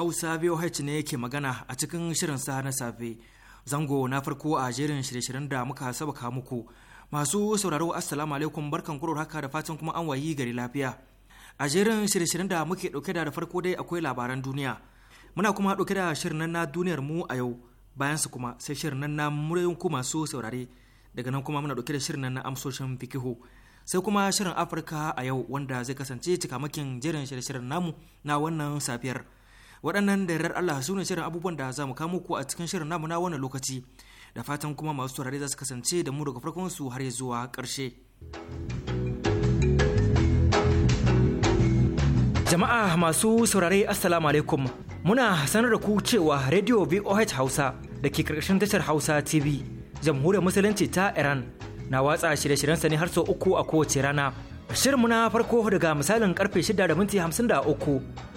Hausa VOH ne yake magana a cikin shirin sa na safe. Zango na farko a jerin shirye-shiryen da muka sabaka muku. Masu sauraro Assalamu alaikum barkan kuro haka da fatan kuma an wayi gari lafiya. A jerin shirye-shiryen da muke dauke da farko dai akwai labaran duniya. Muna kuma dauke da shirin na duniyar mu a yau. Bayan su kuma sai shirin nan na muryoyin ku masu saurare. Daga nan kuma muna dauke da shirin nan na amsoshin fikihu. sai kuma shirin afirka a yau wanda zai kasance cikamakin jerin shirye-shiryen namu na wannan safiyar waɗannan da yarar Allah su ne shirin abubuwan da za mu kamo ku a cikin shirin namu na wannan lokaci da fatan kuma masu turare za su kasance da mu daga farkon su har zuwa ƙarshe. Jama'a masu saurare Assalamu alaikum muna sanar da ku cewa Radio VOH Hausa da ke karkashin tashar Hausa TV jamhuriyar musulunci ta Iran na watsa shirye shiryen sa ne har sau uku a kowace rana. Shirin na farko daga misalin karfe 6 da minti 53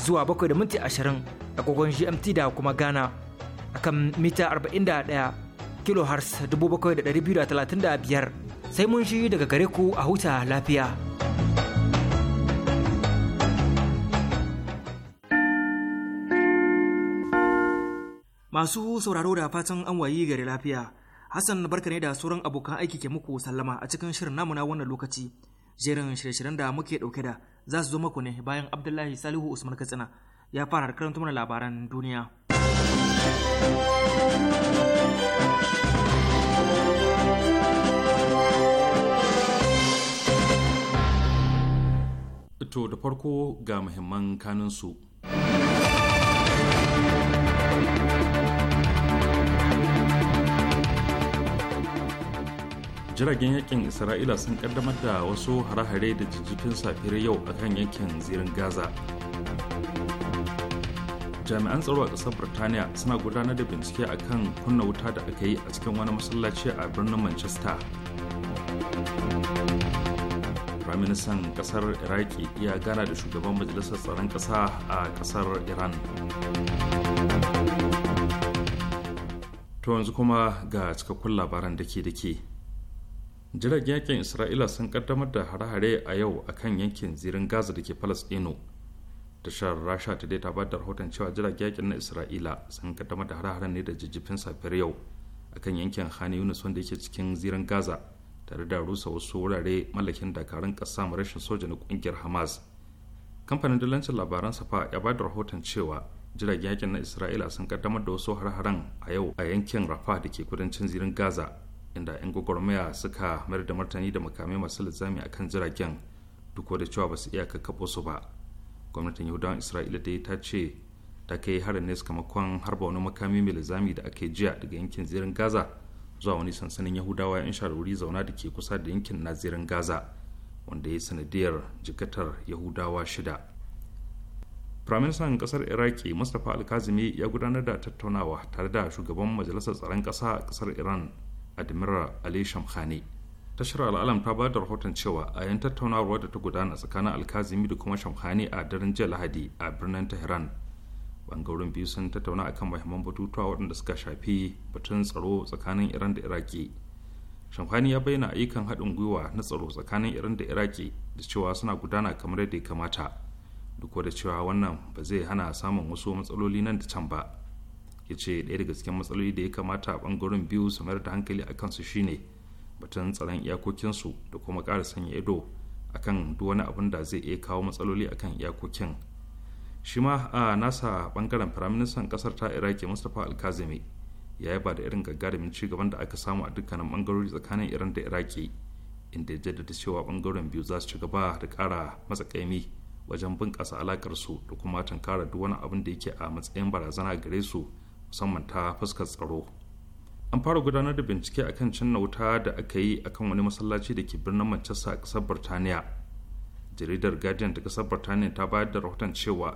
zuwa 7 da minti 20 agogon GMT da kuma Ghana akan mita 41 kilohertz 7,235 sai mun shi daga gare ku a huta lafiya. Masu sauraro da fatan an wayi gari lafiya, Hassan barka ne da sauran abokan aiki ke muku sallama a cikin shirin namu na wannan lokaci, jerin shirye-shiryen da muke ɗauke da za su zo maku ne bayan abdullahi salihu usman katsina ya fara karanta mana labaran duniya to da farko ga muhimman kanunsu jiragen yakin isra'ila sun kaddamar da wasu hare-hare da jijjifin safiyar yau a kan yankin zirin gaza jami'an tsaro a ƙasar birtaniya suna gudanar da bincike a kan kunna wuta da aka yi a cikin wani masallaci a birnin manchester firaministan ƙasar iraki ya gana da shugaban majalisar tsaron ƙasa a ƙasar iran to yanzu kuma ga cikakkun labaran da ke da ke jiragen yakin isra'ila sun kaddamar da hare-hare a yau a kan yankin zirin gaza da ke palestino tashar rasha ta ta ba da rahoton cewa jiragen yakin na isra'ila sun kaddamar da hare ne da jijjifin safiyar yau a kan yankin hani yunus wanda yake cikin zirin gaza tare da rusa wasu wurare mallakin dakarun kasa rashin soja na kungiyar hamas kamfanin dalancin labaran safa ya ba da rahoton cewa jiragen yakin na isra'ila sun kaddamar da wasu hare haren a yau a yankin rafa da ke kudancin zirin gaza inda 'yan gwagwarmaya suka mayar da martani da makamai masu linzami a kan jiragen duk da cewa ba su iya kakkaɓo su ba gwamnatin yahudawan isra'ila dai ta ce ta kai harin ne sakamakon harba wani makami mai linzami da ake jiya daga yankin zirin gaza zuwa wani sansanin yahudawa 'yan shawarwari zauna da ke kusa da yankin na gaza wanda ya yi sanadiyar jikatar yahudawa shida firaministan kasar iraki mustapha alkazimi ya gudanar da tattaunawa tare da shugaban majalisar tsaron ƙasa a kasar iran admiral ali shamkhani tashar al'alam ta ba da rahoton cewa a yan tattaunawar da ta gudana tsakanin alkazimi da kuma shamkhani a daren jiya lahadi a birnin tehran bangarorin biyu sun tattauna akan muhimman batutuwa waɗanda suka shafi batun tsaro tsakanin iran da iraki shamkhani ya bayyana ayyukan haɗin gwiwa na tsaro tsakanin iran da iraki da cewa suna gudana kamar yadda ya kamata duk da cewa wannan ba zai hana samun wasu matsaloli nan da can ba ya ce ɗaya daga cikin matsaloli da ya kamata a ɓangaren biyu su mayar da hankali a kansu shine batun tsaron iyakokinsu da kuma ƙara sanya ido akan duk wani abin da zai iya kawo matsaloli a kan iyakokin shi ma a nasa ɓangaren firaministan ƙasar ta iraki mustapha alkazimi ya yaba da irin gagarumin gaban da aka samu a dukkanin ɓangarori tsakanin iran da iraki inda ya jaddada cewa ɓangaren biyu za su ci gaba da kara matsakaimi wajen bunƙasa alaƙarsu da kuma tunkara duk wani abin da yake a matsayin barazana gare su musamman ta fuskar tsaro an fara gudanar da bincike akan canna wuta da aka yi akan wani masallaci da ke birnin manchester a ƙasar birtaniya jaridar guardian ta kasar birtaniya ta bayar da rahoton cewa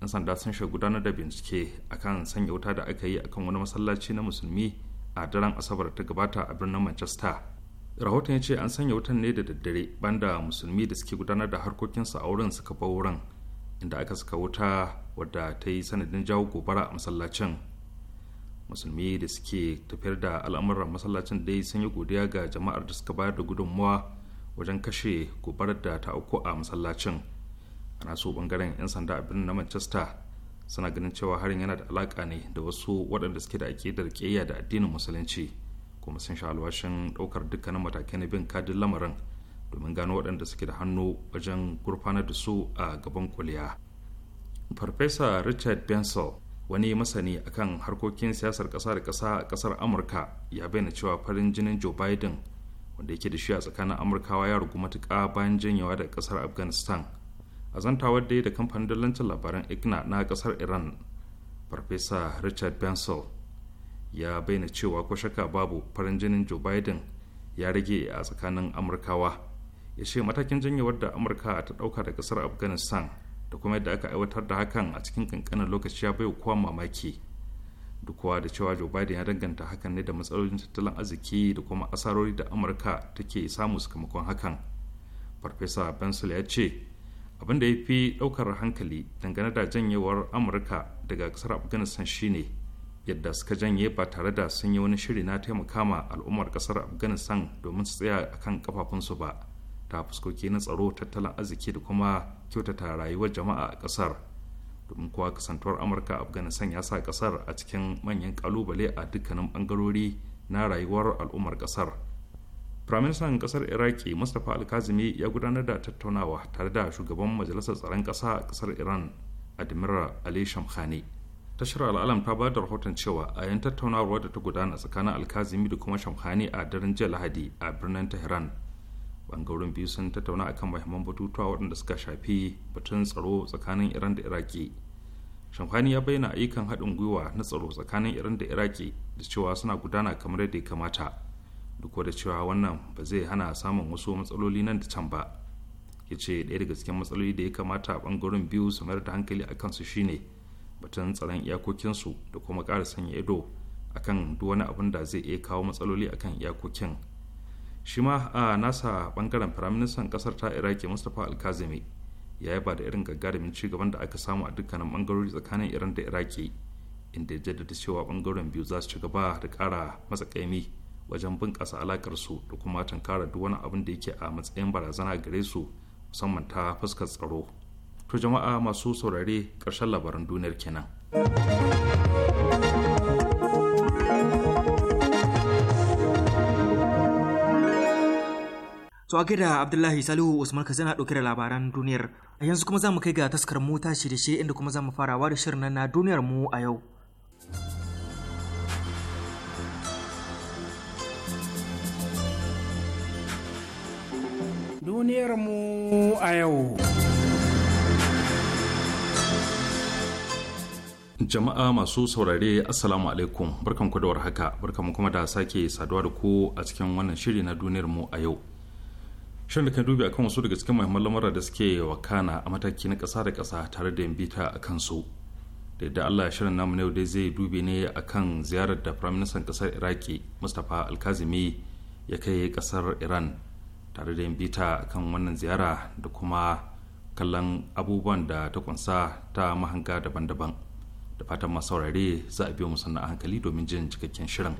'yan sanda sun shiga gudanar da bincike akan sanya wuta da aka yi akan wani masallaci na musulmi a daren asabar ta gabata a birnin manchester rahoton ya ce an sanya wutan ne da daddare banda musulmi da suke gudanar da harkokinsu a wurin suka bar wurin inda aka saka wuta wadda ta yi sanadin jawo gobara a masallacin musulmi da suke tafiyar da al'amuran masallacin dai sun yi godiya ga jama'ar da suka bayar da gudunmawa wajen kashe gobarar da ta auku a masallacin ana so bangaren 'yan sanda a birnin na manchester suna ganin cewa harin yana da alaka ne da wasu waɗanda suke da aƙidar ƙeya da addinin musulunci kuma sun sha alwashin ɗaukar dukkanin matakai na bin kadin lamarin domin gano waɗanda suke da hannu wajen gurfanar da su a gaban kuliya farfesa richard bensel wani masani akan harkokin siyasar ƙasa da kasa a kasar amurka ya bayyana cewa farin jinin joe biden wanda yake da shi a tsakanin amurkawa ya rugu matuƙa bayan janyewa da kasar afghanistan a zantawar da da kamfanin dalancin labaran igna na ƙasar iran farfesa richard bensel ya bayyana cewa ko shaka babu farin jinin joe biden ya rage a tsakanin amurkawa ya ce matakin janyewar da amurka ta ɗauka da ƙasar afghanistan da kuma yadda aka aiwatar da hakan a cikin kankanin lokaci ya baiwa kowa mamaki kowa da cewa joe biden ya danganta hakan ne da matsalolin tattalin arziki da kuma asarori da amurka take samu sakamakon hakan farfesa bensel ya ce abin da ya fi ɗaukar hankali dangane da janyewar amurka daga kasar afghanistan shine yadda suka janye ba tare da sun yi wani shiri na taimaka ma al'ummar kasar afghanistan domin su tsaya akan kafafunsu ba ta fuskoki na tsaro tattalin arziki da kuma kyautata rayuwar jama'a a ƙasar domin kuwa kasantuwar amurka afghanistan ya sa kasar a cikin manyan kalubale a dukkanin bangarori na rayuwar al'ummar ƙasar firaministan ƙasar iraki mustapha alkazimi ya gudanar da tattaunawa tare da shugaban majalisar tsaron ƙasa a ƙasar iran admiral ali shamkhani tashar al'alam ta ba da rahoton cewa a yan tattaunawar da ta gudana tsakanin alkazimi da kuma shamkhani a daren jiya lahadi a birnin tehran bangarorin biyu sun tattauna akan mahimman batutuwa waɗanda suka shafi batun tsaro tsakanin iran da iraki shamfani ya bayyana ayyukan haɗin gwiwa na tsaro tsakanin iran da iraki da cewa suna gudana kamar yadda ya kamata duk da cewa wannan ba zai hana samun wasu matsaloli nan da can ba ya ce ɗaya daga cikin matsaloli da ya kamata bangaren biyu su mayar da hankali a kansu shine batun tsaron iyakokinsu da kuma ƙara sanya ido akan duk wani abin da zai iya kawo matsaloli akan iyakokin shi ma a nasa bangaren firaministan kasar ta iraki mustapha alkazimi ya ba da irin gagarumin cigaban da aka samu a dukkanin bangarori tsakanin iran da iraki inda ya jaddada cewa bangaren biyu za su ci gaba da kara kaimi wajen bunƙasa alakar su da kuma tankara duk wani abin da yake a matsayin barazana gare su musamman ta fuskar tsaro to jama'a masu saurare karshen labaran duniyar kenan To a gida Abdullahi Salihu Usman ka zana ɗauke da labaran duniyar. A yanzu kuma za mu kai ga taskar mota shi da shi inda kuma za mu farawa da shirin na duniyar mu a yau. Duniyar mu a yau. jama'a masu saurare assalamu alaikum barkan ku haka warhaka barkan kuma da sake saduwa da ku a cikin wannan shiri na duniyar mu a yau shirin da kan dubi akan wasu daga cikin muhimman lamura da suke wakana a mataki na kasa da kasa tare da bita a kansu da yadda allah ya shirin namu na yau dai zai dubi ne akan ziyarar da firaministan ƙasar iraki mustapha alkazimi ya kai kasar iran tare da bita kan wannan ziyara da kuma kallon abubuwan da ta kunsa ta mahanga daban-daban da fatan masaurare za a biyo musamman a hankali domin jin cikakken shirin.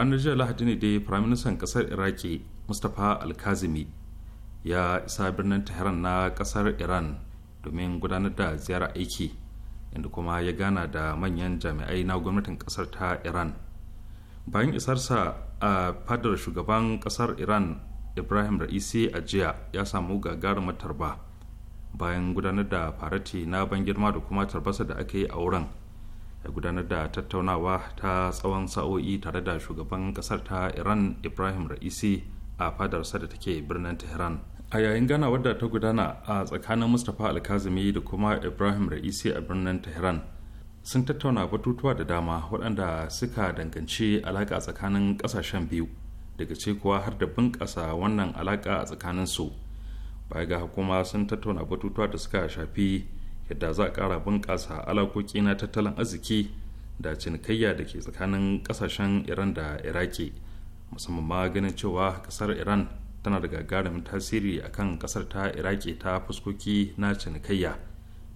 ranar jiya lahadi ne dai firaministan kasar iraki mustapha alkazimi ya isa birnin tehran na kasar iran domin gudanar da ziyara aiki inda kuma ya gana da manyan jami'ai na gwamnatin kasar ta iran bayan isarsa a fadar shugaban kasar iran ibrahim ra'isi a jiya ya samu gagarumar tarba bayan gudanar da farati na ban girma da kuma tarbasa da aka yi a wurin da gudanar da tattaunawa ta tsawon sa'o'i tare da shugaban kasar ta iran ibrahim ra'isi a fadarsa da take birnin tehran a yayin gana wadda ta gudana a tsakanin mustapha alkazimi da kuma ibrahim ra'isi a birnin tehran sun tattauna batutuwa da dama waɗanda suka danganci alaƙa tsakanin ƙasashen biyu daga ce kuwa har da bunƙasa wannan alaƙa a tsakaninsu baya ga hukuma sun tattauna batutuwa da suka shafi yadda za a kara bunƙasa alakoki na tattalin arziki da cinikayya da ke tsakanin ƙasashen iran da iraki musamman ma ganin cewa ƙasar iran tana da gagarumin tasiri a kan ƙasar ta iraki ta fuskoki na cinikayya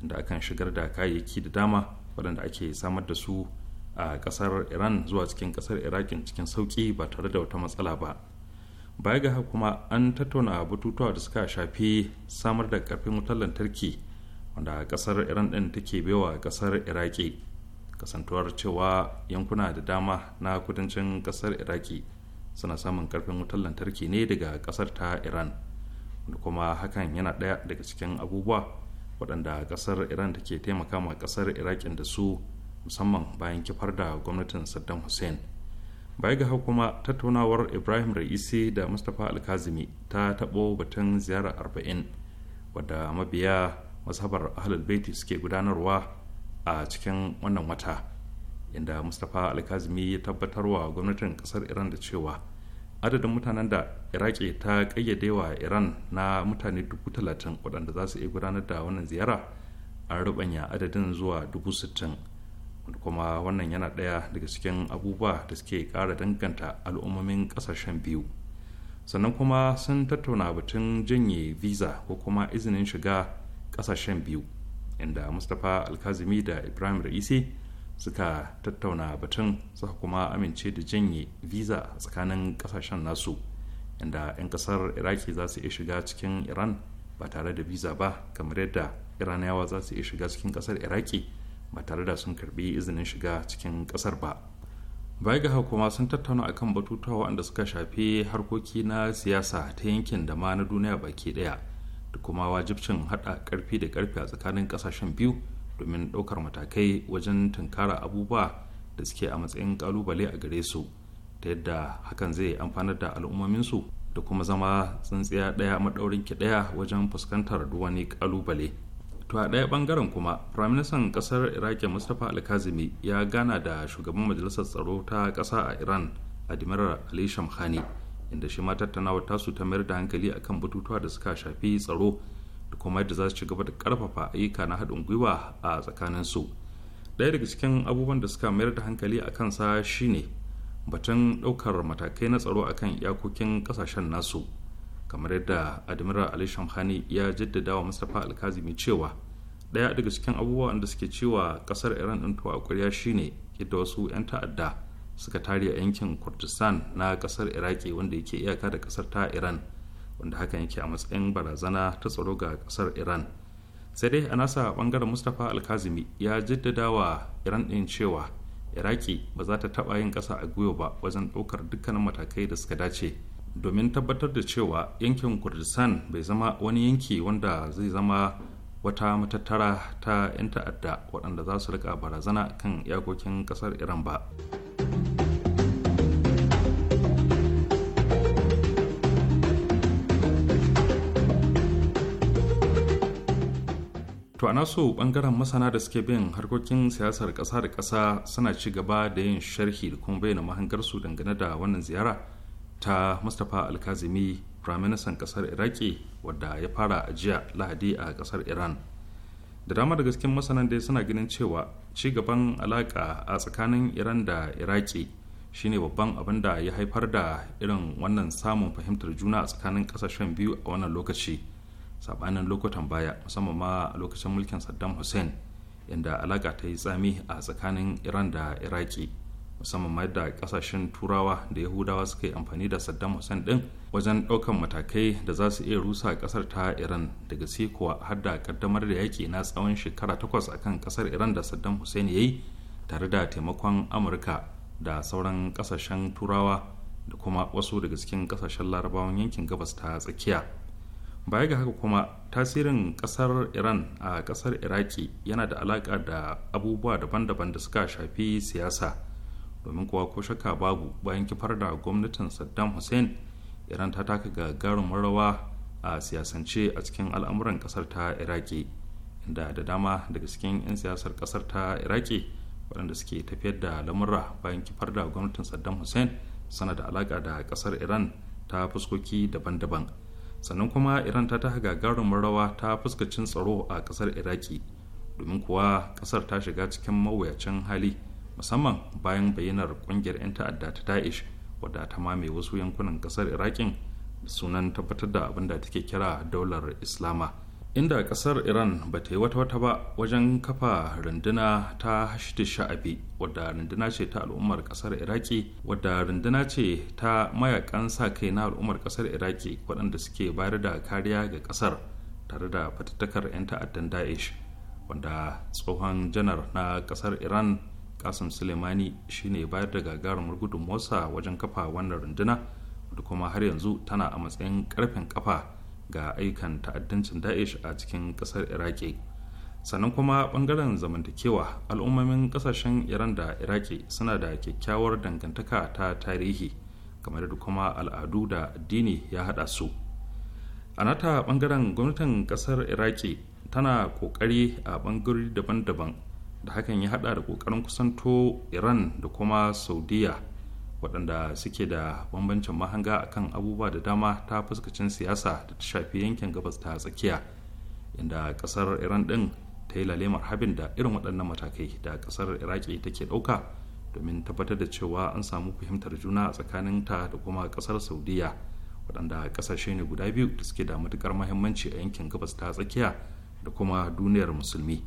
da akan shigar da kayayyaki da dama waɗanda ake samar da su a ƙasar iran zuwa cikin ƙasar iraki cikin sauƙi ba tare da wata matsala ba baya ga kuma an tattauna batutuwa da suka shafi samar da ƙarfin wutar lantarki wanda kasar iran din take baiwa kasar iraki kasantuwar cewa yankuna da dama na kudancin kasar iraki suna samun karfin wutar lantarki ne daga kasar ta iran wanda kuma hakan yana ɗaya daga cikin abubuwa waɗanda kasar iran take taimaka ma kasar iraki da su musamman bayan kifar da gwamnatin saddam hussein baya ga kuma tattaunawar ibrahim ra'isi da mustapha alkazimi ta taɓo batun ziyara arba'in wadda mabiya mazhabar ahlul baiti suke gudanarwa a cikin wannan wata inda mustapha alkazmi ya tabbatarwa gwamnatin kasar iran da cewa adadin mutanen da iraki ta kayyadewa iran na mutane dubu talatin waɗanda za su iya gudanar da wannan ziyara an rubanya adadin zuwa dubu sittin kuma wannan yana ɗaya daga cikin abubuwa da suke ƙara danganta al'ummomin ƙasashen biyu sannan kuma sun tattauna batun janye visa ko kuma izinin shiga kasashen biyu inda mustapha alkazimi da ibrahim ra'isi suka tattauna batun suka kuma amince da janye visa a tsakanin kasashen nasu inda 'yan kasar iraki za su iya shiga cikin iran ba tare da visa ba kamar yadda iraniyawa za su iya shiga cikin kasar iraki ba tare da sun karbi izinin shiga cikin kasar ba baya ga kuma sun tattauna akan batutuwa waɗanda suka shafi harkoki na siyasa ta yankin da ma na duniya baki ɗaya da kuma wajibcin hada karfi da karfi a tsakanin kasashen biyu domin daukar matakai wajen tunkara abubuwa da suke a matsayin kalubale a gare su ta yadda hakan zai amfanar da su da kuma zama tsintsiya daya madaurin ki daya wajen fuskantar wani kalubale. to a daya bangaren kuma firaministan ƙasar iraki mustapha alkazimi ya gana da shugaban majalisar tsaro ta kasa a iran admiral ali shamkhani inda shi ma tattaunawa tasu ta mayar da hankali akan batutuwa da suka shafi tsaro da kuma yadda za su ci gaba da karfafa ayyuka na haɗin gwiwa a tsakanin su ɗaya daga cikin abubuwan da suka mayar da hankali a kansa shine batun ɗaukar matakai na tsaro a kan iyakokin ƙasashen nasu kamar yadda admiral ali shamhani ya jaddada wa mustapha alkazimi cewa ɗaya daga cikin abubuwan da suke cewa ƙasar iran ɗin to a ƙwarya shine yadda wasu 'yan ta'adda suka tare a yankin kurdistan na kasar iraki wanda yake iyaka da kasar ta iran wanda hakan yake a matsayin barazana ta tsaro ga kasar iran sai dai a nasa bangaren mustapha alkazimi ya jaddada wa iran din cewa iraki ba za ta taba yin kasa a gwiwa ba wajen daukar dukkanin matakai da suka dace domin tabbatar da cewa yankin kurdistan bai zama wani yanki wanda zai zama wata matattara ta 'yan ta'adda waɗanda za su rika barazana kan iyakokin kasar iran ba. to a nasu bangaren masana da suke bin harkokin siyasar ƙasa da ƙasa suna ci gaba da yin sharhi da kuma bayyana mahangarsu dangane da wannan ziyara ta mustapha alkazimi firaministan ƙasar iraki wadda ya fara a jiya lahadi a ƙasar iran da dama da gasken masanan dai suna ganin cewa ci gaban alaka a tsakanin iran da iraki shine babban abin da ya haifar da irin wannan samun fahimtar juna a tsakanin ƙasashen biyu a wannan lokaci sabanin lokutan baya musamman ma a lokacin mulkin saddam hussein inda alaka ta yi tsami a tsakanin iran da iraki musamman ma da kasashen turawa da yahudawa suka yi amfani da saddam hussein din wajen daukan matakai da za su iya rusa kasar ta iran daga sai har da kaddamar da yaki na tsawon shekara takwas akan kasar iran da saddam hussein ya yi tare da taimakon amurka da sauran kasashen turawa da kuma wasu daga cikin kasashen larabawan yankin gabas ta tsakiya baya ga haka kuma tasirin kasar iran a kasar iraki yana da alaka da abubuwa daban-daban da suka shafi siyasa domin kuwa ko shakka babu bayan kifar da gwamnatin saddam hussein iran ta taka gagarumin rawa a siyasance a cikin al'amuran kasar ta iraki inda da dama daga cikin 'yan siyasar kasar ta iraki waɗanda suke tafiyar da lamurra bayan kifar da gwamnatin saddam hussein sana da alaka da kasar iran ta fuskoki daban-daban sannan kuma iran ta taha gagarumin rawa ta fuskacin tsaro a kasar iraki domin kuwa kasar ta shiga cikin mawuyacin hali musamman bayan bayyanar kungiyar 'yan ta'adda ta daesh wadda ta mame wasu yankunan kasar irakin sunan tabbatar da abin da take kira daular islama inda kasar iran ba ta yi wata wata ba wajen kafa runduna ta hashdi sha'abi wadda runduna ce ta al'ummar kasar iraki wadda runduna ce ta mayakan sa kai na al'ummar kasar iraki waɗanda suke bayar da kariya ga kasar tare da fatattakar 'yan ta'addan daesh wanda tsohon janar na kasar iran kasim suleimani shine bayar da gagarumar gudunmuwarsa wajen kafa wannan runduna kuma har yanzu tana a matsayin karfin kafa ga aikan ta'addancin da'ish a cikin kasar iraki sannan kuma bangaren zamantakewa al'ummomin kasashen iran da iraki suna da kyakkyawar dangantaka ta tarihi kamar da kuma al'adu da addini ya hada su a nata bangaren gwamnatin kasar iraki tana kokari a bangarori daban-daban da hakan ya hada da kokarin kusanto iran da kuma saudiya waɗanda suke da bambancin mahanga akan abubuwa da dama ta fuskacin siyasa da ta shafi yankin gabas ta tsakiya inda ƙasar iran ɗin ta yi lalemar habin da irin waɗannan matakai da ƙasar iraki take ɗauka domin tabbatar da cewa an samu fahimtar juna a tsakanin ta da kuma ƙasar saudiya waɗanda ƙasashe ne guda biyu da suke da matuƙar mahimmanci a yankin gabas ta tsakiya da kuma duniyar musulmi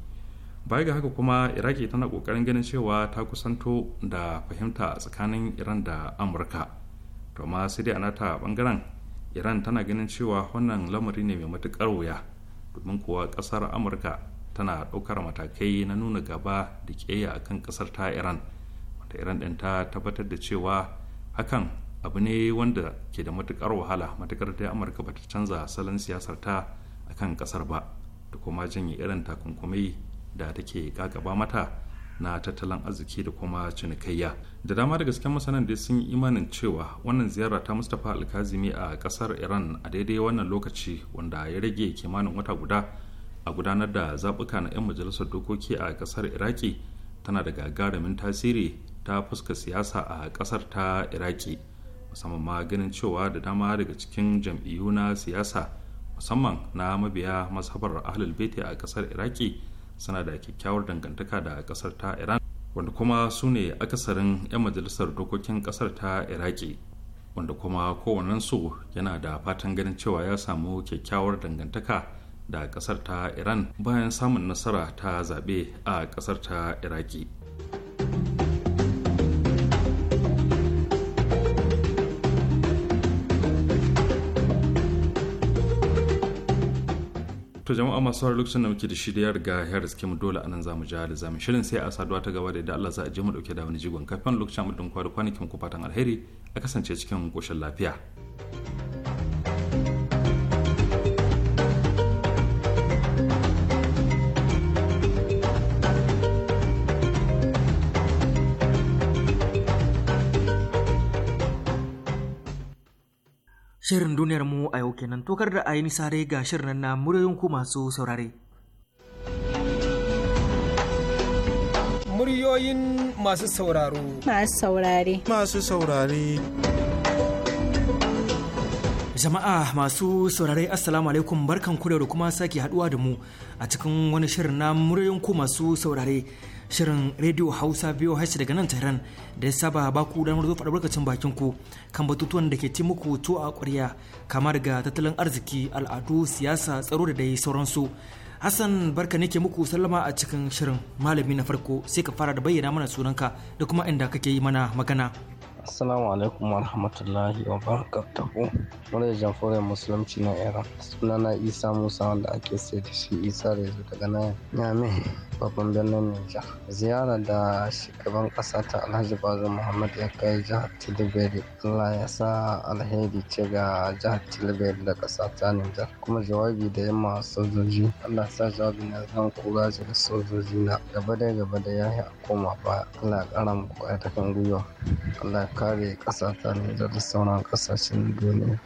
baya ga haka kuma iraki tana kokarin ganin cewa ta kusanto da fahimta a tsakanin iran da amurka to ma sai dai a nata bangaren iran tana ganin cewa wannan lamari ne mai matukar wuya domin kuwa kasar amurka tana ɗaukar matakai na nuna gaba da keya a kan kasar ta iran wanda iran ɗin ta tabbatar da cewa hakan abu ne wanda ke da matukar wahala matukar da amurka ba ta canza salon siyasar ta akan kasar ba da kuma janye irin takunkumai da take gagaba mata na tattalin arziki da kuma cinikayya da dama da gaske masanan da sun yi imanin cewa wannan ziyara ta mustapha alkazimi a kasar iran a daidai wannan lokaci wanda ya rage kimanin wata guda a gudanar da zabuka na 'yan majalisar dokoki a kasar iraki tana da gagarumin tasiri ta fuska siyasa a kasar ta iraki musamman ma ganin cewa da dama daga cikin jam'iyyu na siyasa musamman na mabiya masabar ahlul baiti a kasar iraki suna da kyakkyawar dangantaka da kasar ta iran wanda kuma su ne akasarin 'yan majalisar dokokin kasar ta iraki wanda kuma kowannensu yana da fatan ganin cewa ya samu kyakkyawar dangantaka da kasar ta iran bayan samun nasara ta zaɓe a kasar ta iraki to jama'a masu sauraro lokacin da muke da shi da ya riga ya riske mu dole anan zamu ja da zamu shirin sai a saduwa ta gaba da idan Allah za a je mu dauke da wani jigon kafin lokacin mu dinkwa da kwanakin ku fatan alheri a kasance cikin koshin lafiya. Shirin duniyar mu a yau kenan tokar da ayi sare ga shirin na muryoyin ku masu saurare. Muryoyin masu sauraro. Masu saurare. Masu saurare. Jama'a masu saurare Assalamu alaikum barkan ku da kuma sake haduwa da mu a cikin wani shirin na muryoyin ku masu saurare. shirin rediyo hausa biyu hashi daga nan tehran da ya saba ba ku damar faɗa barkacin bakin ku kan batutuwan da ke taimako to a ƙwarya kama daga tattalin arziki al'adu siyasa tsaro da dai sauransu hassan barka ne ke muku sallama a cikin shirin malami na farko sai ka fara da bayyana mana sunanka da kuma inda kake yi mana magana Assalamu alaikum wa rahmatullahi wa barakatuhu. Murar jamhuriyar musulunci na Iran. Sunana Isa Musa wanda ake sai da shi Isa da daga nan Yamin. babban birnin Nijar. Ziyara da shugaban ƙasa ta Alhaji Bazoum Muhammad ya kai jihar Tilibiri. Allah ya sa alheri ce ga jihar Tilibiri da ƙasa ta Nijar. Kuma jawabi da yamma sojoji. Allah sa jawabi na zan kura da sojoji na gaba da gaba da yahi a koma baya. Allah ya ƙara kan gwiwa. Allah ya kare ƙasa ta Nijar da sauran ƙasashen duniya.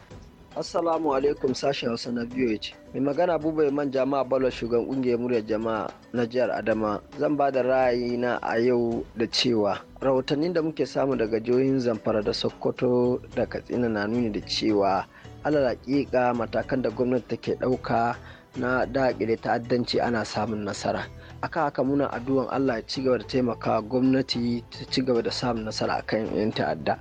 Assalamu alaikum sashen Hausa na VOH. Mai magana buba man jama'a bala shugaban kungiyar muryar jama'a na jihar Adama. Zan ba da ra'ayina a yau da cewa rahotannin da muke samu daga jihohin Zamfara da Sokoto da Katsina na nuni da cewa alal matakan da gwamnati take ɗauka na daƙile ta'addanci ana samun nasara. aka haka muna addu'an Allah ya ci gaba da taimaka gwamnati ta ci gaba da samun nasara akan yan ta'adda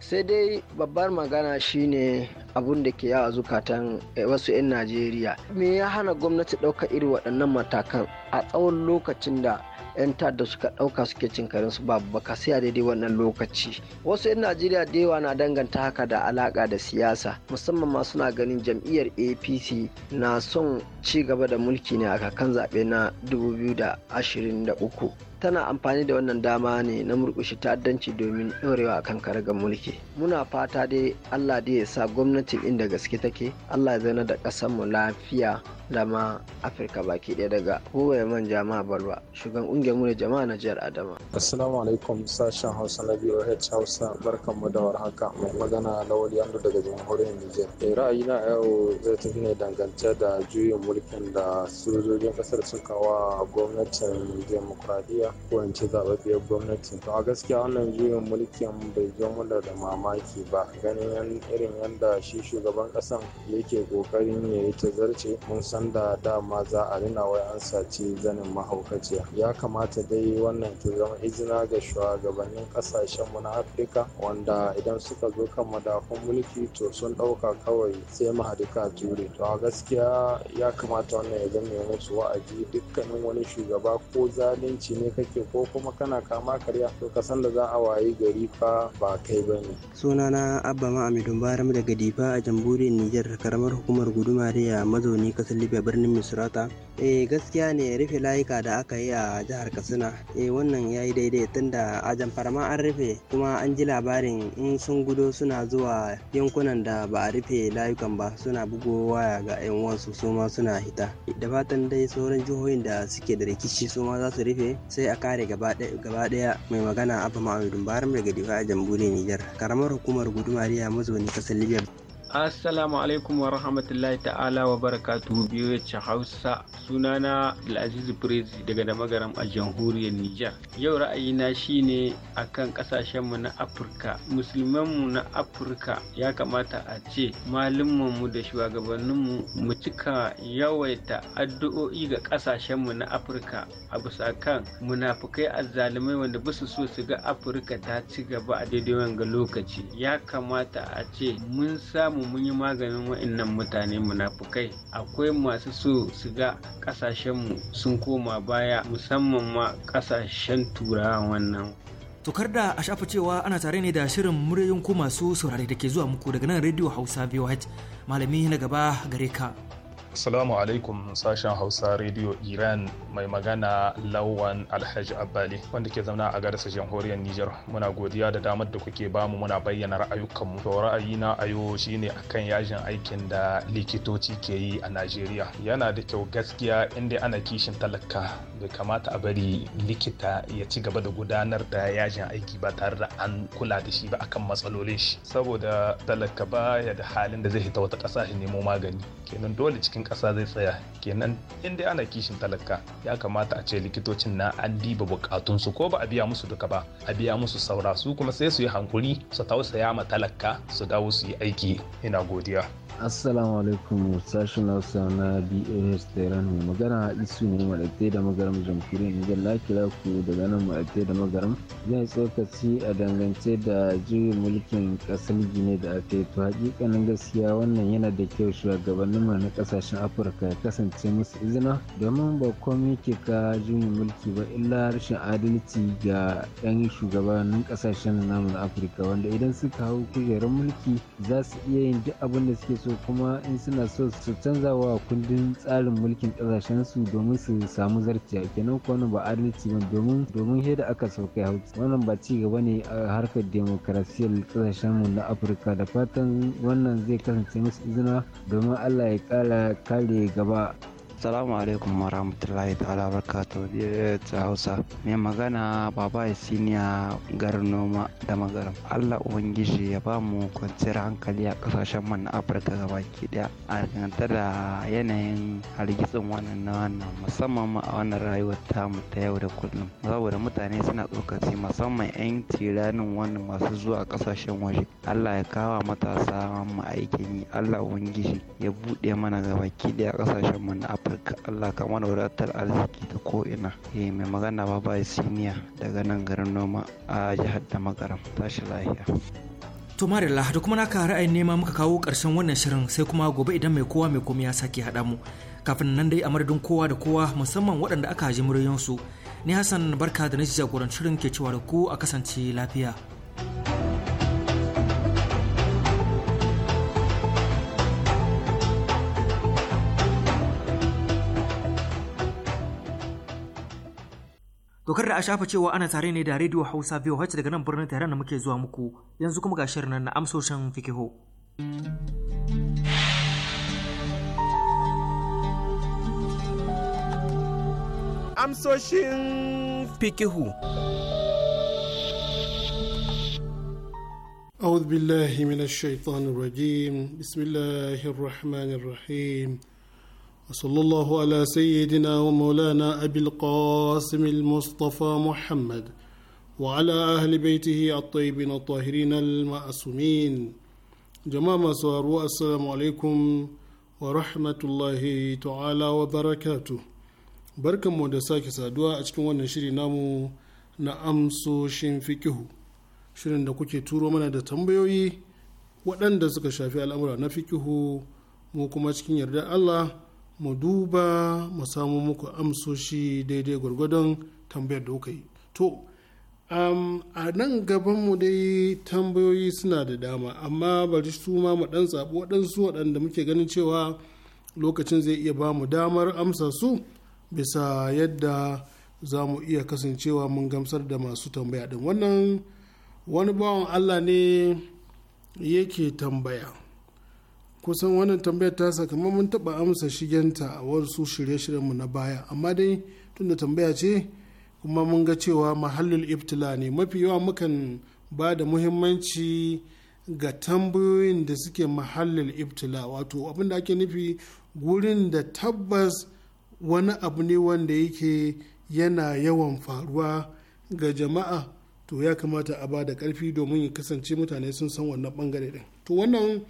sai dai babbar magana shine abun da ke yawa zukatan wasu 'yan Najeriya me ya hana gwamnati ɗaukar irin waɗannan matakan a tsawon lokacin da 'yan da suka ɗauka suke cin karin su babu baka sai a daidai wannan lokaci wasu 'yan najeriya da yawa na danganta haka da alaka da siyasa musamman ma suna ganin jam'iyyar apc na son ci gaba da mulki ne a kakan zaɓe na 2023 tana amfani da wannan dama ne na murkushe ta'addanci domin ɗorewa akan karagar mulki muna fata dai allah dai ya sa gwamnatin inda gaske take allah ya zana da ƙasar mu lafiya da ma afirka baki ɗaya daga huwaye man jama'a balwa shugaban ƙungiyar mu da jama'a na jihar adama assalamu alaikum sashen hausa na biyu hausa barkan mu da warhaka mai magana lawali andu daga jamhuriyar nijar eh, ra'ayina yau zai tafi ne dangance da juyin mulkin da sojojin kasar suka wa gwamnatin demokuraɗiyya ko in ce zaɓaɓɓiyar gwamnati to a gaskiya wannan juyin mulkin bai zo mana da mamaki ba ganin irin yadda shi shugaban ƙasan yake ƙoƙarin ya yi zarce mun san da dama za a rina wai an saci zanin mahaukaciya ya kamata dai wannan ta zama izina ga shugabannin ƙasashen mu na afirka wanda idan suka zo kan madafun mulki to sun ɗauka kawai sai mahadika ture to a gaskiya ya kamata wannan ya zama musu wa'azi dukkanin wani shugaba ko zalunci ne kake ko kuma kana kama karya to ka san da za a wayi gari fa ba kai ba ne. Suna na abba ma'amidun baram daga difa a jamhuriyar niger karamar hukumar guduma da mazauni kasar libya birnin misrata eh gaskiya ne rufe layuka da aka yi a jihar katsina e wannan ya yi daidai tunda a jamfara ma an rufe kuma an ji labarin in sun gudo suna zuwa yankunan da ba a rufe layukan ba suna bugo waya ga yan uwansu su ma suna hita da fatan dai sauran jihohin da suke da rikici su ma za su rufe sai sai a kare gaba daya mai magana abu ma'amudin baram daga difa a jamhuriyar nijar karamar hukumar gudumariya mazauni kasar libya Assalamu alaikum wa rahmatullahi ta'ala wa barakatuhu biyu ya Hausa sunana al'aziz Prezi daga da magaram a jamhuriyar Nijar. Yau ra'ayina shine akan kasashenmu na Afirka. Musulmanmu na Afirka ya kamata a ce malumanmu da shugabanninmu mu cika yawaita addu'o'i ga kasashenmu na Afirka a bisa kan munafukai azzalumai wanda ba su so su ga Afirka ta ci gaba a daidai wanga lokaci. Ya kamata a ce mun samu mun yi maganin wa'annan mutane munafukai akwai masu so su ga kasashenmu sun koma baya musamman ma kasashen turawa wannan tokar da a shafa cewa ana tare ne da shirin muryoyin ko masu saurare da ke zuwa muku daga nan radio hausa voh malami na gaba gare ka Assalamu alaikum sashen Hausa Radio Iran mai magana Lawan Alhaji Abbali wanda ke zauna a garsa jamhuriyar Nijar. Muna godiya da damar da kuke bamu muna bayyana ra'ayukanmu. To ra'ayina a yau shine akan yajin aikin da likitoci ke yi a Najeriya. Yana da kyau gaskiya inda ana kishin talaka bai kamata a bari likita ya ci gaba da gudanar da yajin aiki ba tare da an kula da shi ba akan matsalolin shi. Saboda talaka ya da halin da zai hita wata ƙasa shi nemo magani. Kenan dole cikin ƙasa zai tsaya kenan in dai ana kishin talaka ya kamata a ce likitocin na an diba bukatunsu ko ba a biya musu duka ba a biya musu saura su kuma sai su yi hankuri su tausaya ma talaka su dawo su yi aiki ina godiya assalamu alaikum sashen hausa na bos tehran mai magana isu ne maɗaɗe da magaram jamhuriyar nijar na ku daga nan maɗaɗe da magaram zan tsokaci a dangance da juyin mulkin ƙasar gine da aka yi to hakikanin gaskiya wannan yana da kyau shugabannin mu na ƙasashen afirka ya kasance musu izina domin ba komai ke ka juyin mulki ba illa rashin adalci ga ɗan shugabannin ƙasashen namu na afirka wanda idan suka hau kujerar mulki za su iya yin duk abin da suke su kuma in suna so su canza wa kundin tsarin mulkin kasashen su domin su samu zarciya kenan ko wannan ba adalci ba domin domin he da aka sauka ya hausa wannan ba ci gaba ne a harkar demokarasiyar kasashen mu na afirka da fatan wannan zai kasance musu izina domin allah ya kara kare gaba Assalamu alaikum wa ta'ala barkatu ta Hausa. Mai magana baba siniya garin noma da magaram. Allah Ubangiji ya ba mu kwanciyar hankali a kasashen man Afirka gabaki daya. A danganta da yanayin hargitsin wannan na wannan musamman a wannan rayuwar tamu ta yau da kullum. Saboda mutane suna tsokaci musamman 'yan tiranin wannan masu zuwa kasashen waje. Allah ya kawo matasa mu aikin yi. Allah Ubangiji ya buɗe mana gabaki daya kasashen man Afirka. barka Allah ka mana wadatar arziki ta ko'ina. Eh mai magana ba bai siniya daga nan garin noma a jihar da magaram tashi lahiya. To Marilla da kuma naka ra'ayin nema muka kawo karshen wannan shirin sai kuma gobe idan mai kowa mai komai ya sake haɗa mu. Kafin nan dai a madadin kowa da kowa musamman waɗanda aka ji muryoyinsu. Ni Hassan barka da na jagorancin shirin ke cewa da ku a kasance lafiya. Dokar da a shafa cewa ana tare ne da Radio Hausa VOH daga nan birnin Tehran da muke zuwa muku yanzu kuma ga shirin na amsoshin fikiho. Amsoshin fikihu. أعوذ بالله من الشيطان الرجيم بسم الله الرحمن الرحيم وصلى الله على سيدنا ومولانا أبي القاسم المصطفى محمد وعلى أهل بيته الطيبين الطاهرين المعصومين جماعة سوار والسلام عليكم ورحمة الله تعالى وبركاته بركة مدساك سادوا أشكم ونشري نامو نأمسو شين shirin شرين دكوكي تورو mana da تنبيوي waɗanda suka shafi الأمر na مو mu kuma cikin yardar Allah mu duba mu samu muku amsoshi daidai gwargwadon tambayar da kuka to um, a nan gabanmu dai tambayoyi suna da dama amma bari su ma mu dan zaɓi waɗansu waɗanda muke ganin cewa lokacin zai iya ba mu damar amsa su bisa yadda za mu iya kasancewa mun gamsar da masu tambaya ɗin wannan wani bawan allah ne yake tambaya kusan wannan tambayar ta kamar mun taɓa amsa shigenta a wasu shirye-shiryenmu na baya amma dai tunda tambaya ce kuma mun ga cewa mahallul ibtila ne mafi yawa mukan ba da muhimmanci ga tambayoyin da suke mahallul ibtila wato abin da ake nufi gurin da tabbas wani abu ne wanda yake yana yawan faruwa ga jama'a to ya kamata a ba da ƙarfi domin ya kasance mutane sun san wannan bangare din to wannan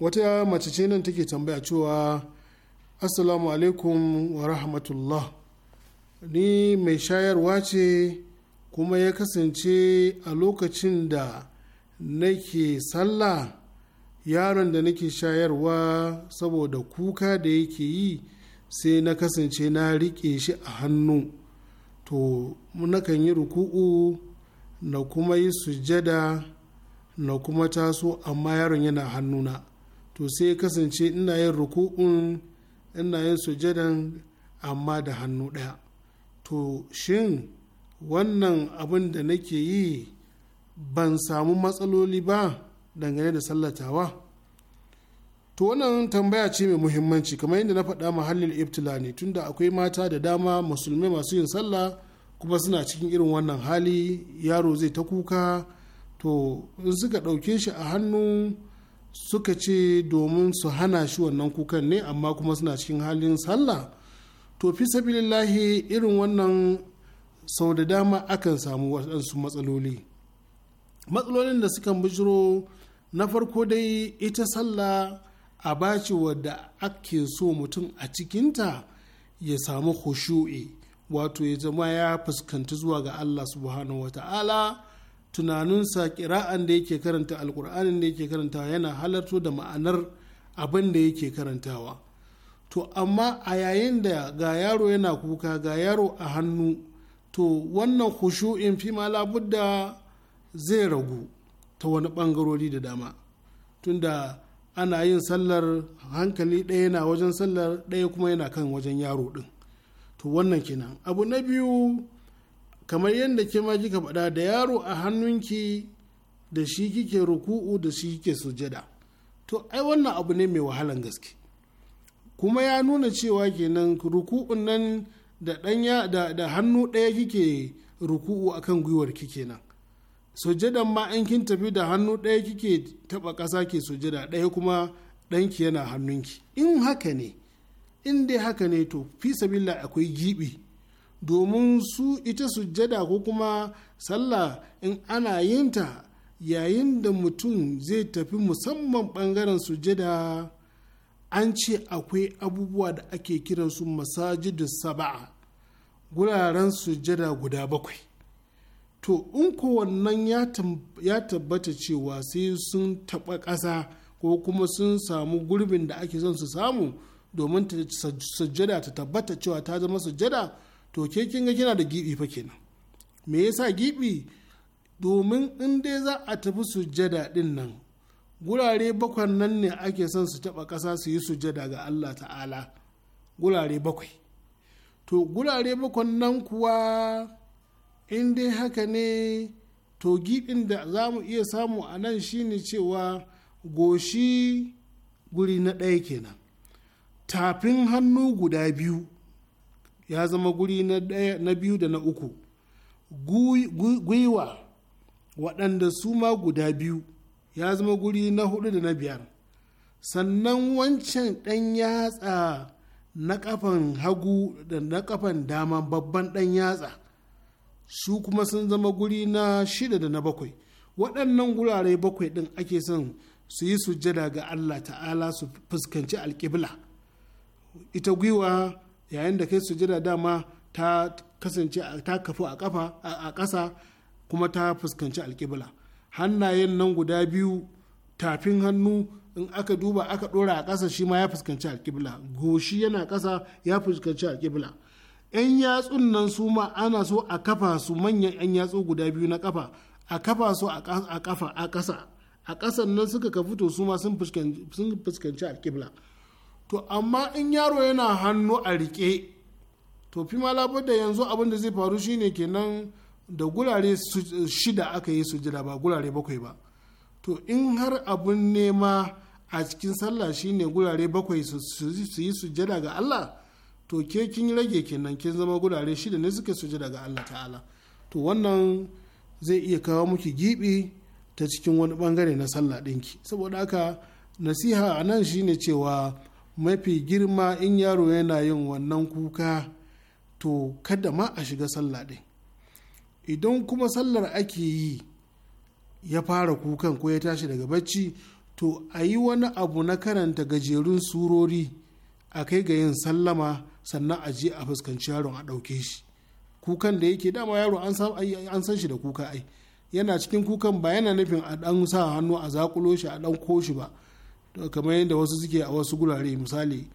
wata mace ce nan take tambaya cewa assalamu alaikum wa rahmatullah ni mai shayarwa ce kuma ya kasance a lokacin da nake sallah yaron da nake shayarwa saboda kuka da yake yi sai na kasance na riƙe shi a hannu to nakan yi ruku'u na kuma yi sujada na kuma taso amma yaron yana hannuna to sai ya kasance ina yin ruku'un ina yin sujadan amma da hannu ɗaya to shin wannan abin da nake yi ban samu matsaloli ba dangane da sallatawa to wannan tambaya ce mai muhimmanci kamar yadda na faɗa mahallin iftila ne tunda akwai mata da dama musulmai masu yin sallah kuma suna cikin irin wannan hali yaro zai ta kuka to in suka ɗauke shi a hannu suka ce domin su hana shi wannan kukan ne amma kuma suna cikin halin sallah to fi sabilillahi irin wannan sau da dama akan samu waɗansu matsaloli matsalolin da suka bijiro na farko dai ita sallah a baci wadda ake so mutum a cikinta ya samu khushu'i wato ya zama ya fuskanci zuwa ga allah subhanahu wa ta'ala tunaninsa kira'an da yake karanta alkur'anin da yake karanta yana halarto da ma'anar abin da yake karantawa to amma a yayin da ga yaro yana kuka ga yaro a hannu to wannan khushu'in fi ma labudda zai ragu ta wani bangarori da dama tunda ana yin sallar hankali ɗaya yana wajen sallar ɗaya kuma yana kan wajen yaro ɗin to wannan kenan abu na biyu kamar yadda ke ma kika faɗa da yaro a hannunki da shi kike ruku'u da shi kike sujada to ai wannan abu ne mai wahalan gaske kuma ya nuna cewa kenan ruku'un nan da da, hannu ɗaya kike ruku'u a kan gwiwar kike nan sujadan ma in kin tafi da hannu ɗaya kike taɓa ƙasa ke sujada ɗaya kuma ɗanki yana hannunki in haka ne in dai haka ne to fi sabila akwai giɓi. domin su ita sujjada ko kuma sallah in ana yinta yayin da mutum zai tafi musamman ɓangaren sujjada an ce akwai abubuwa da ake kiransu masajidu saba'a guraren sujjada guda bakwai to in ko wannan ya tabbata cewa sai sun taɓa ƙasa ko kuma sun samu gurbin da ake son su samu domin sujjada ta tabbata cewa ta zama sujjada to ke kin ga kina da gibi fa kenan me yasa gibi domin in dai za a tafi sujjada din nan gurare bakwai nan ne ake son su taba ƙasa su yi sujjada ga Allah ta'ala gurare bakwai to gurare bakwai nan kuwa in dai haka ne to gibin da za mu iya samu a nan shine cewa goshi guri na ɗaya kenan tafin hannu guda biyu ya zama guri na biyu da na uku gwiwa waɗanda su ma guda biyu ya zama guri na hudu da na biyar sannan wancan ɗan yatsa na kafan hagu da na kafan dama babban ɗan yatsa su kuma sun zama guri na shida da na bakwai waɗannan gurare bakwai ɗin ake son su yi sujjada ga Allah ta'ala su fuskanci alƙibla ita gwiwa yayin da kai sujada dama ta kasance ta kafu a kafa a ƙasa kuma ta fuskanci alƙibla hannayen nan guda biyu tafin hannu in aka duba aka ɗora a kasa shi ma ya fuskanci alƙibla goshi yana ƙasa ya fuskanci alƙibla 'yan yatsun nan su ma ana so a kafa su manyan 'yan yatsu guda biyu na kafa a kafa su a kafa a ƙasa a ƙasan nan suka ka fito su ma sun fuskanci alƙibla to amma in yaro yana hannu a rike to fi ma da yanzu abin da zai faru shine kenan da gurare shida aka yi su jira ba gurare bakwai ba to in har abun nema a cikin sallah shine gurare bakwai su yi sujada ga Allah to ke kin rage kenan kin zama gurare shida ne suke sujada ga Allah ta'ala to wannan zai iya kawo miki gibi ta cikin wani bangare na sallah ɗinki saboda haka nasiha a nan shine cewa mafi girma in yaro yana yin wannan kuka to kada ma a shiga sallah ɗin idan kuma sallar ake yi ya fara kukan ko ya tashi daga bacci to a yi wani abu na karanta gajerun surori a kai ga yin sallama sannan a je a fuskanci yaron a ɗauke shi kukan da yake dama yaro an san shi da kuka ai yana cikin kukan ba yana nufin a ɗan sa hannu a zakulo shi a ɗan shi ba kamar yadda wasu suke a wasu gurare misali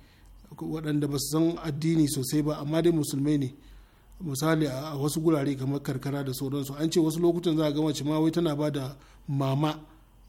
waɗanda ba su san addini sosai ba amma dai musulmai ne misali a wasu gurare kamar karkara da sauransu an ce wasu lokutan za a ga mace wai tana ba da mama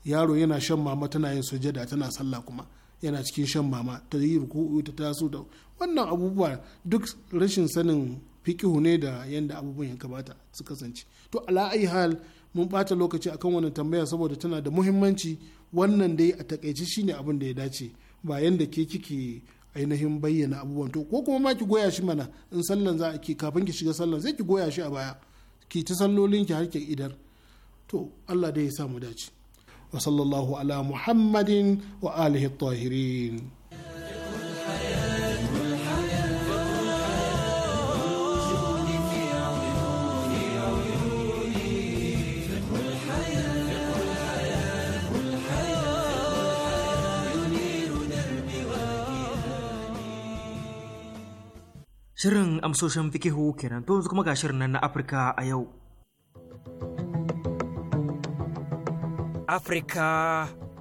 yaro yana shan mama tana yin sujada tana sallah kuma yana cikin shan mama ta yi ruku'u ta taso da wannan abubuwa duk rashin sanin fikihu ne da yadda abubuwan ya kamata su kasance to ala hal mun bata lokaci akan wannan tambaya saboda tana da muhimmanci wannan dai a takaice shine abin da ya dace ba yanda ke kike ainihin bayyana abubuwan to ko kuma ma ki goya shi mana in sallan za a ki kafin ki shiga sallan sai ki goya shi a baya ki ta sallolin ki har ki idar to Allah dai ya sa mu dace wa sallallahu ala muhammadin wa alihi tahirin Shirin amsoshin fikihu kenan to yanzu kuma ga shirin nan na Afirka a yau. Afirka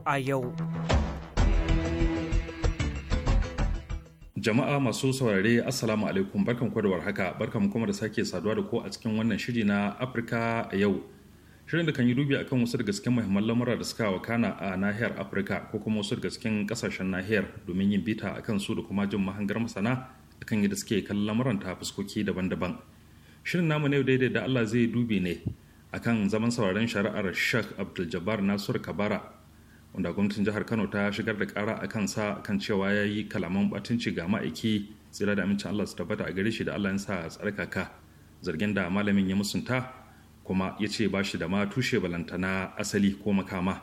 a yau. Jama'a masu saurare Assalamu alaikum barkan da haka barkan kuma da sake saduwa da ko a cikin wannan shiri na Afirka a yau. shirin da kan yi dubi akan wasu daga cikin muhimman lamura da suka wakana a nahiyar afirka ko kuma wasu daga cikin kasashen nahiyar domin yin bita akan su da kuma jin mahangar masana akan yadda suke kallon lamuran ta fuskoki daban-daban shirin namu ne daidai da Allah zai dubi ne akan zaman sauraron shari'ar Sheikh Abdul Jabbar Nasir Kabara wanda gwamnatin jihar Kano ta shigar da kara akan sa kan cewa ya yi kalaman batunci ga ma'aiki tsira da amincin Allah su tabbata a gare shi da Allah ya sa tsarkaka zargin da malamin ya musunta kuma ya ce ba shi da ma tushe balantana asali ko makama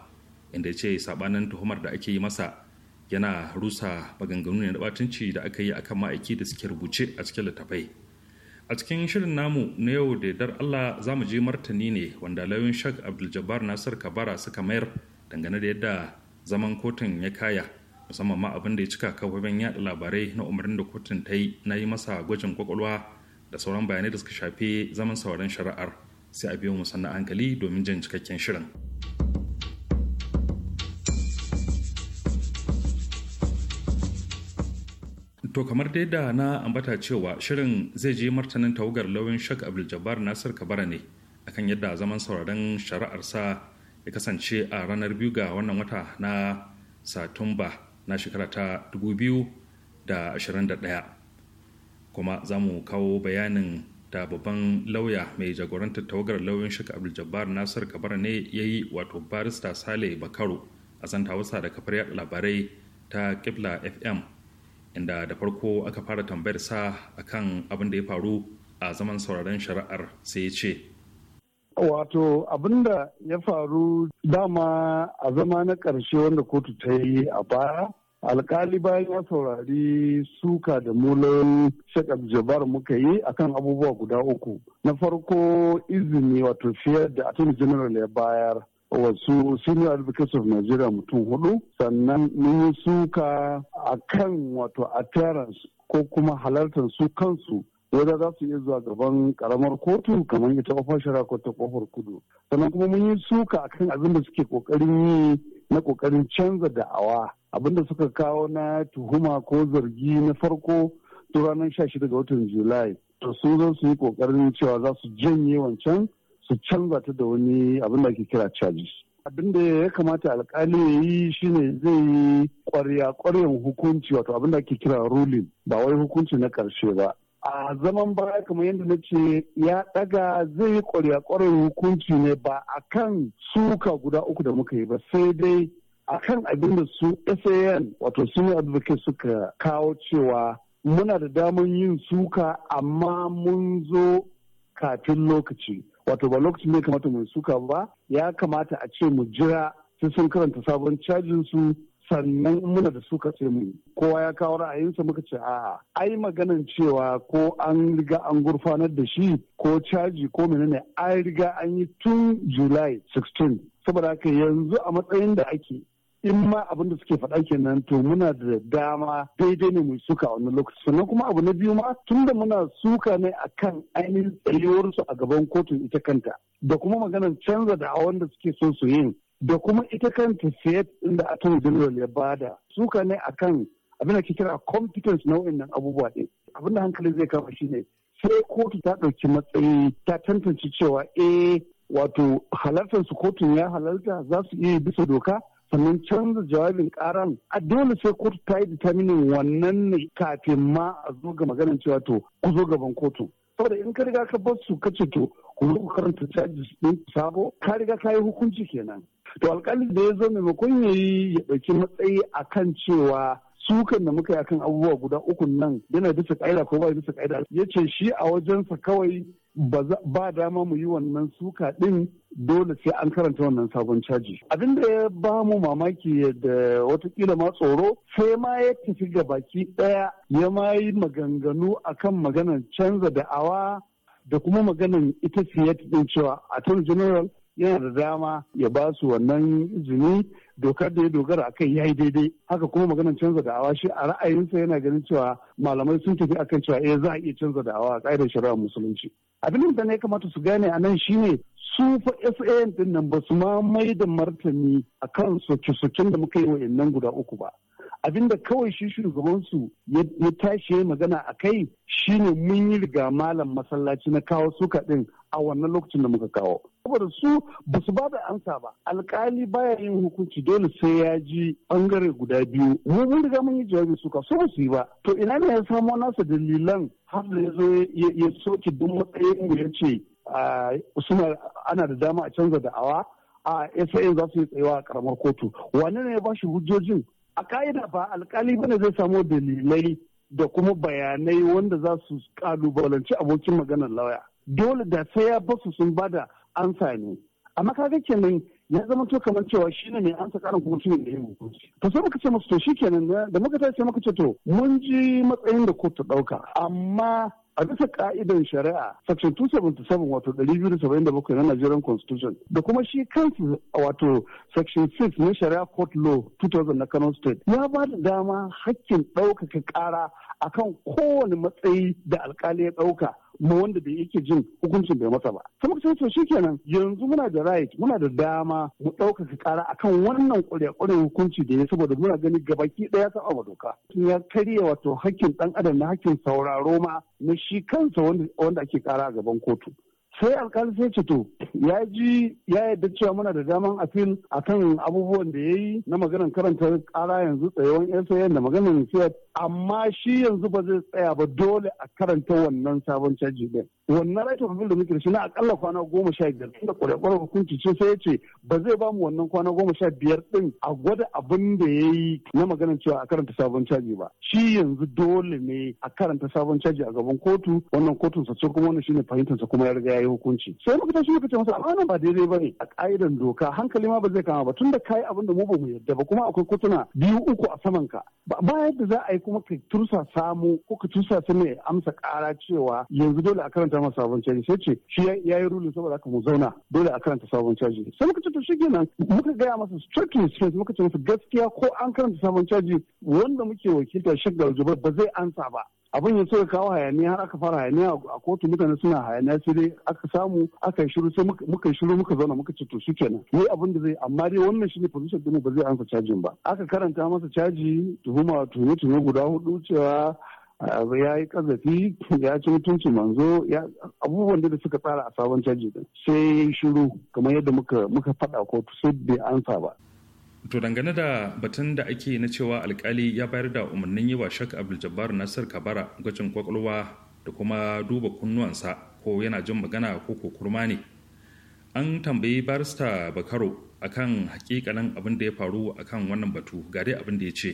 inda ya ce sabanin tuhumar da ake yi masa yana rusa maganganu ne na batunci da aka yi akan ma'aiki da suke rubuce a cikin littafai a cikin shirin namu na yau da dar Allah za mu je martani ne wanda lauyin shak abdul nasir kabara suka mayar dangane da yadda zaman kotun ya kaya musamman ma abin da ya cika kafofin yaɗa labarai na umarnin da kotun ta yi na yi masa gwajin kwakwalwa da sauran bayanai da suka shafe zaman sauran shari'ar sai a biyo mu sannan hankali domin jan cikakken shirin. To kamar dai da na ambata cewa shirin zai je martanin tawagar lauyin shak Abdul Jabbar Nasir Kabara ne akan yadda zaman sauraron shari'ar sa ya kasance a ranar biyu ga wannan wata na Satumba na shekara ta 2021. Kuma za mu kawo bayanin da babban lauya mai jagorantar tawagar lauyin shak Abdul Jabbar Nasir Kabara ne ya yi wato barista Sale Bakaro a zantawarsa da kafar labarai ta Kibla FM inda da farko aka fara tambayar sa akan abin da ya faru a zaman sauraron shari'ar sai ya ce wato abin da ya faru dama a zama na ƙarshe wanda kotu ta yi a baya alkali bayan ya saurari suka da mulan shakar jabar muka yi akan abubuwa guda uku na farko izini wato fiye da attorney general ya bayar wasu senior advocates of Nigeria mutum hudu sannan mun yi suka a kan wato appearance ko kuma halartar su kansu wadda za su iya zuwa gaban karamar kotu kamar ita kofar shara ko ta kofar kudu sannan kuma mun yi suka a kan abin da suke kokarin yi na kokarin canza da'awa abin da suka kawo na tuhuma ko zargi na farko ranar 16 ga watan julai to sun zo su yi kokarin cewa za su janye wancan su canza ta da wani abin da ake kira charges abin da ya kamata alkali ya yi shine zai yi kwarya kwaryan hukunci wato abin da ake kira ruling ba wai hukunci na karshe ba a zaman baya kamar yadda na ce ya daga zai yi kwarya kwaryan hukunci ne ba akan suka guda uku da muka yi ba sai dai akan abin da su san wato sun advocate suka kawo cewa muna da damar yin suka amma mun zo kafin lokaci wato ba lokacin ne kamata mu suka ba ya kamata a ce mu jira sai sun karanta sabon cajin su sannan in muna da suka ce mu kowa ya kawo ra'ayinsa muka ce a'a ai maganan cewa ko an riga an gurfanar da shi ko caji ko menene an riga an yi tun july 16 saboda haka yanzu a matsayin da ake in ma abin da suke faɗa kenan to muna da dama daidai ne mu suka a wani lokaci sannan kuma abu na biyu ma tun da muna suka ne a kan ainihin tsayuwarsu a gaban kotun ita kanta da kuma maganar canza da a wanda suke son su yin da kuma ita kanta inda da atom general ya bada suka ne akan abin da ke kira competence na wa'annan abubuwa ɗin abin da hankali zai kama shine sai kotu ta ɗauki matsayi ta tantance cewa eh wato halartar su kotun ya halarta za su iya bisa doka sannan canza jawabin karan a dole sai kotu ta yi determining wannan ne kafin ma a zo ga maganin cewa to ku zo gaban kotu saboda in ka riga ka bar su ka ce to ku zo ku karanta charges din sabo ka riga ka yi hukunci kenan to alƙalin da ya zo maimakon ya yi ya ɗauki matsayi a kan cewa sukan da muka yi akan abubuwa guda uku nan yana bisa ƙa'ida ko ba bisa ƙa'ida ya ce shi a wajensa kawai ba dama mu yi wannan suka ɗin dole sai an karanta wannan sabon caji. Abin da ya ba mu mamaki da watakila ma tsoro sai ma ya tafi ga baki ɗaya ya ma yi maganganu akan maganar canza da awa, da kuma maganar ita siyat ɗin cewa attorney general yana da dama ya ba su wannan izini dokar da ya dogara a kai ya yi daidai haka kuma maganar canza da awa shi a ra'ayinsa yana ganin cewa malamai sun tafi akan cewa eh za a iya canza da awa a ƙa'idar shari'ar musulunci abin da ya kamata su gane a nan shine su fa FAN din nan ba su ma mai da martani a kan soke-soken da muka yi wa nan guda uku ba Abin da kawai shi shugabansu ya tashi ya magana a kai shine mun yi riga malam masallaci na kawo suka din a wannan lokacin da muka kawo saboda su ba su ba da amsa ba alkali baya yin hukunci dole sai ya ji bangare guda biyu mu mun riga mun yi jawabi su ka so su yi ba to ina ne ya samo nasa dalilan har da ya zo ya soke duk matsayin mu ya ce suna ana da dama a canza da awa a SAN za su yi tsayawa a karamar kotu wane ne ya ba shi hujjojin a ka'ida ba alkali bane zai samo dalilai da kuma bayanai wanda za su kalubalanci abokin maganar lauya dole da sai ya basu sun bada ansa ne amma kaga kenan ya zama to kamar cewa shi ne mai amsa karin kuma shi ne da yin hukunci to sai muka ce musu to shi kenan da muka tashi muka ce to mun ji matsayin da kotu dauka amma a bisa ka'idar shari'a section 277 wato 277 na Nigerian constitution da kuma shi kansu wato section 6 na shari'a court law 2000 na Kano state ya ba da dama hakkin ɗaukaka ƙara akan kowane matsayi da alkali ya ɗauka ma wanda da yake jin hukuncin bai masa ba. kuma muka to shi kenan yanzu muna da right muna da dama mu ɗaukaka kara akan wannan ƙwarya-ƙwaryan hukunci da ya saboda muna gani gabaki ɗaya saba ma doka. Ya karya wato hakkin ɗan adam na hakkin sauraro ma na shi kansa wanda ake kara a gaban kotu. sai alkali sai ce to ya ji ya yadda cewa muna da daman afil kan abubuwan da ya yi na maganar karanta kara yanzu tsayawan yan da maganar fiyat amma shi yanzu ba zai tsaya ba dole a karanta wannan sabon caji ne. wannan right of appeal da muke shi na akalla kwana goma sha biyar tunda kwarekwarar hukunci ce sai ya ce ba zai ba mu wannan kwana goma sha biyar din a gwada abin da ya yi na maganar cewa a karanta sabon caji ba shi yanzu dole ne a karanta sabon caji a gaban kotu wannan kotun sa kuma wannan shine fahimtarsa kuma ya riga ya yi hukunci sai muka tashi muka ce masa amma ba daidai bane a ka'idan doka hankali ma ba zai kama ba tunda kai abin da mu ba mu yadda ba kuma akwai kotuna biyu uku a saman ka ba yadda za a yi kuma ka tursa samu ko ka tursa su ne amsa kara cewa yanzu dole a karanta masa sabon caji sai ce shi ya yi rulin saboda haka mu zauna dole a karanta sabon caji sai muka ce to muka gaya masa strictly straight muka ce masa gaskiya ko an karanta sabon caji wanda muke wakilta shaggar jubar ba zai ansa ba abin ya so kawo hayaniya har aka fara hayaniya a kotu mutane suna hayaniya sai dai aka samu aka yi shiru sai muka yi shiru muka zauna muka ci to shikenan ne abin da zai amma dai wannan shine position din ba zai ansa cajin ba aka karanta masa caji tuhuma tuhume tuhume guda hudu cewa eh, ya yi kazafi ya ci mutunci manzo abubuwan da suka tsara a sabon caji din sai shiru kamar yadda muka faɗa kotu sai bai ansa ba to dangane da batun da ake na cewa alkali ya bayar da umarnin yi wa shak abdul nasir kabara gwajin kwakwalwa da kuma duba kunnuwansa ko yana jin magana ko kurma ne an tambayi barista bakaro akan hakikanin abin da ya faru akan wannan batu ga dai abin da ya ce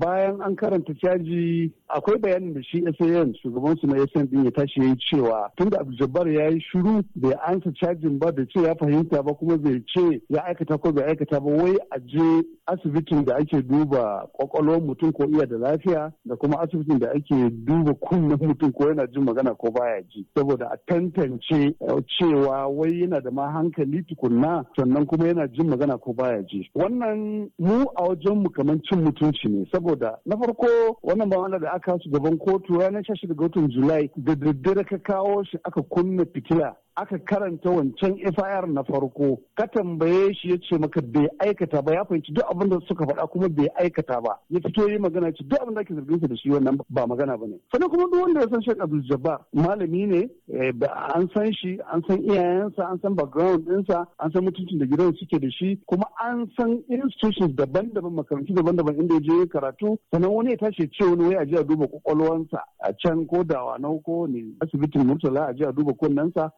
bayan an karanta caji akwai bayanin da shi san su na san din ya tashi yayi cewa tunda abdul ya yi shiru bai ansa cajin ba da ce ya fahimta ba kuma bai ce ya aikata ko bai aikata ba wai a je asibitin da ake duba kwakwalwar mutum ko iya da lafiya da kuma asibitin da ake duba kunnen mutum ko yana jin magana ko baya ji saboda a tantance eh, cewa wai yana da ma hankali tukunna sannan kuma yana jin magana ko baya ji wannan mu a wajen mu kamar cin mutum muhimmanci ne saboda na farko wannan ba da aka su gaban kotu ranar 16 ga watan Julai da daddare ka kawo shi aka kunna fitila aka karanta wancan FIR na farko ka tambaye shi ya ce maka bai aikata ba ya fahimci duk abinda da suka faɗa kuma bai aikata ba ya fito yi magana ce duk abin da ake zargin da shi wannan ba magana ba ne sannan kuma duk wanda ya san Sheikh Abdul Jabbar malami ne eh, an san shi an san iyayensa an san background ɗinsa an san mutuncin da gidan suke da shi kuma an san institutions daban-daban makarantu daban-daban inda ya je karatu sannan wani ya tashi ce wani wai a je a duba kwakwalwansa a can ko dawa ko ne asibitin Murtala a je a duba kunnensa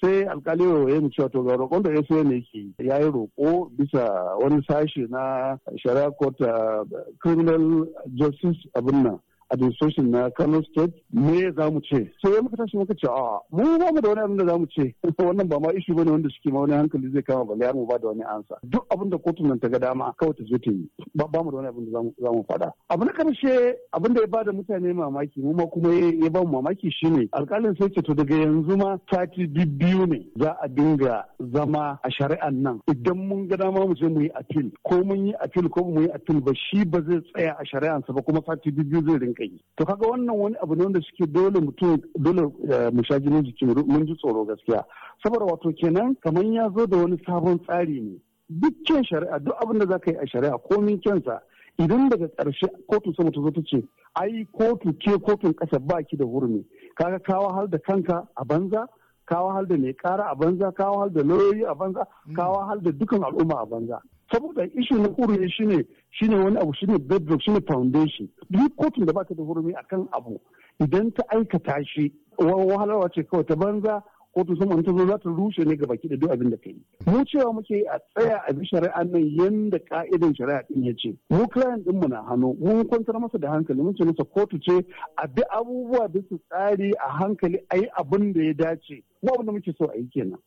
sai alkali e e ya mu cewa to ga roƙon da ya ne yake ya yi roƙo bisa wani sashi na shari'a court uh, criminal justice abin nan administration na Kano State me za mu ce sai muka tashi muka ce a mu ba mu da wani abin da za mu ce wannan ba ma issue bane wanda suke ma wani hankali zai kama balle mu ba da wani ansa duk abin da kotun nan ta ga dama kawai ta zo ta yi ba mu da wani abin da za mu faɗa abu na karshe abin da ya ba da mutane mamaki mu ma kuma ya ba mu mamaki shine alkalin sai ce to daga yanzu ma sati biyu ne za a dinga zama a shari'an nan idan mun ga dama mu je mu yi appeal ko mun yi appeal ko mu yi appeal ba shi ba zai tsaya a shari'ansa ba kuma sati biyu zai rinka rinka to kaga wannan wani abu ne wanda suke dole mutum dole eh, mu sha jinin jiki mun ji tsoro gaskiya saboda wato kenan kamar ya zo da wani sabon tsari ne kyan shari'a duk abin da za yi a shari'a komin kyansa idan daga ƙarshe kotun sama ta zo ta ce ai kotu ke kotun ƙasa ba ki da hurumi kaga kawo har da kanka a banza kawo hal da mai kara a banza kawo hal da lauyoyi a banza kawo hmm. hal da dukan al'umma a banza saboda ishu na hurumi shine shine wani abu shine bedrock shine foundation duk kotun da baka da hurumi akan abu idan ta aikata shi wahalarwa ce kawai ta banza kotu sun ta zo za ta rushe ne baki da duk abin da ka yi. Mu cewa muke a tsaya a bi shari'a nan yanda ka'idan shari'a din ya ce. Mu client ɗinmu na hannu mun kwantar masa da hankali mun ce masa kotu ce a bi abubuwa da su tsari a hankali a yi abin da ya dace. Mu abin da muke so a yi kenan.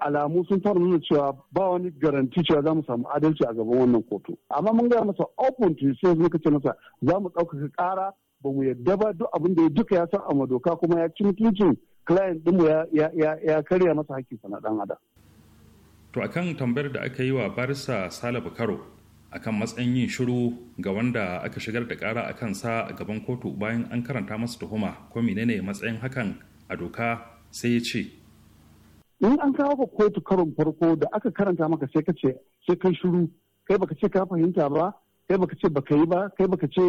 alamu sun fara nuna cewa ba wani garanti cewa za mu samu adalci a gaban wannan kotu amma mun gaya masa open to sai muka ce masa za mu ɗaukaka ƙara ba mu yadda ba duk abin da ya duka ya san a doka kuma ya ci mutuncin client ɗinmu ya karya masa hakkinsa na ɗan adam. To akan tambayar da aka yi wa barsa Salabu Karo akan matsayin yin shiru ga wanda aka shigar da kara a kansa a gaban kotu bayan an karanta masa tuhuma ko menene matsayin hakan a doka sai ya ce in an kawo ka kotu karon farko da aka karanta maka sai ka ce sai kai shiru kai baka ce ka fahimta ba kai baka ce baka yi ba kai baka ce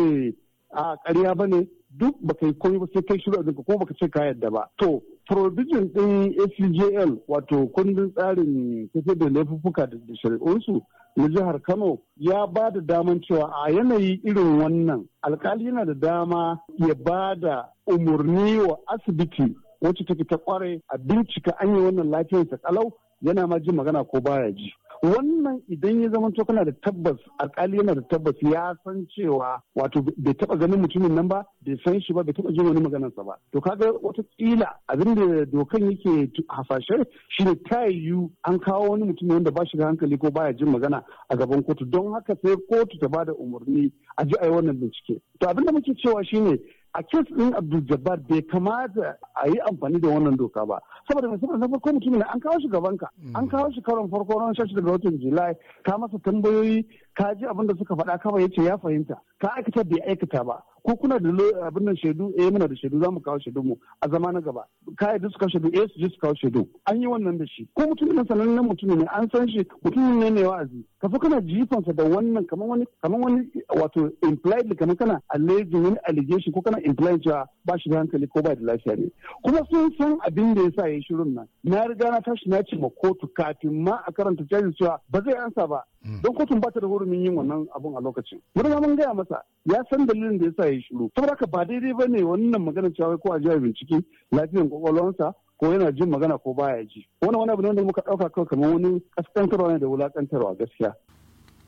a ƙarya ba ne duk baka yi komai ba sai kai shiru a jinka ko baka ce ka yadda ba to provision din ACJL wato kundin tsarin tafi da laifuffuka da shari'unsu na jihar Kano ya ba da daman cewa a yanayi irin wannan alkali yana da dama ya ba da umarni wa asibiti wacce take ta kware a bincika an yi wannan lafiyar ta kalau yana ma jin magana ko baya ji wannan idan ya zama to kana da tabbas alkali yana da tabbas ya san cewa wato bai taba ganin mutumin nan ba bai san shi ba bai taba jin wani sa ba to kaga wata kila abin da dokan yake hasashe shine ta yiwu an kawo wani mutum wanda ba shi da hankali ko baya jin magana a gaban kotu don haka sai kotu ta bada umarni a ji a yi wannan bincike to abin da muke cewa shine a kes din abdul jabbar bai kamata a yi amfani da wannan doka ba saboda mai saboda na farko mutum ne an kawo shi gabanka mm. an kawo shi karon farko ran shashi daga watan julai ka masa tambayoyi ka ji abin da suka faɗa kawai yace ya fahimta ka aikata bai aikata ba ko kuna da abin nan shaidu eh muna da shaidu zamu kawo shaidu mu a zama na gaba ka yi su shaidu eh su ji su kawo shaidu an yi wannan da shi ko mutum ne sanannen mutum ne an san shi mutum ne mai wa'azi kafa kana jifansa da wannan kamar wani kamar wani wato implied kamar kana alleging wani allegation ko kana implied cewa ba shi da hankali ko ba da lafiya ne kuma sun san abin da yasa yi shirin nan na riga na tashi na ce ma kotu kafin ma a karanta charges cewa ba zai ansa ba hmm. don kotun ba ta da hurumin yin wannan abun a lokacin mun ga mun gaya masa ya san dalilin da yasa yi shiru saboda ba daidai ne wannan magana cewa ko a jiya bincike lafiyan kwakwalwansa ko yana jin magana ko baya ji wani wani abu ne wanda muka ɗauka kawai kamar wani kaskantarwa ne da wulakantarwa gaskiya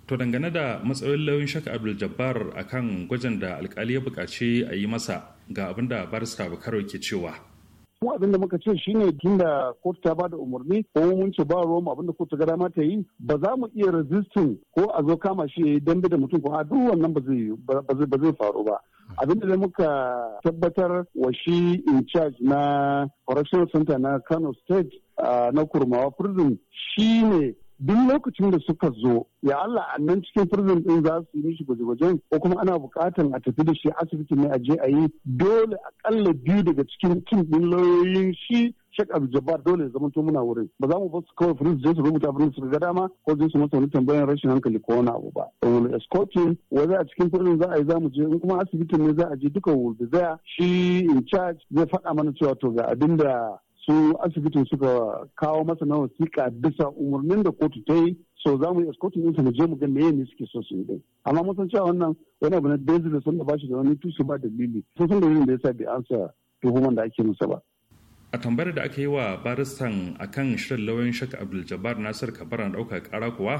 to dangane da matsayin lauyin shaka abdul jabbar akan gwajin da alkali ya buƙaci a yi masa ga abin da barista bukaro ke cewa mu abin da muka ce shine da kotu ta bada umarni ko mun ce ba ruwan abin da kotu gada ta yi ba za mu iya resisting ko a zo kama shi dambe da mutum ko a duk wannan ba zai faru ba abin da muka tabbatar wa shi in charge na correctional center na kano state ah, na kurmawa prison shi ne duk lokacin da suka zo ya Allah a nan cikin prison din za su yi shi gwaje-gwajen ko kuma ana bukatan a tafi da shi asibiti ne a je a yi dole akalla biyu daga cikin tim din lauyoyin shi Sheikh Abdul dole ya zamanta to muna wurin ba za mu ba su kawai firin su rubuta firin su ga dama ko je su masa wani tambayan rashin hankali ko wani abu ba wani escorting wani a cikin firin za a yi za mu je in kuma asibitin ne za a je duka wulbi shi in charge zai faɗa mana cewa to ga abin da su asibitin suka kawo masa na wasiƙa bisa umarnin da kotu ta yi so za mu yi escorting ɗinsa mu je mu ga meye ne suke so su yi din amma mun san cewa wannan wani abu na da sun da bashi da wani tushe ba dalili sun san dalilin da sa bai ansa tuhuman da ake musa ba a tambayar da aka yi wa baristan akan shirin lauyan shaka abdul jabbar nasir na ɗaukar ƙara kuwa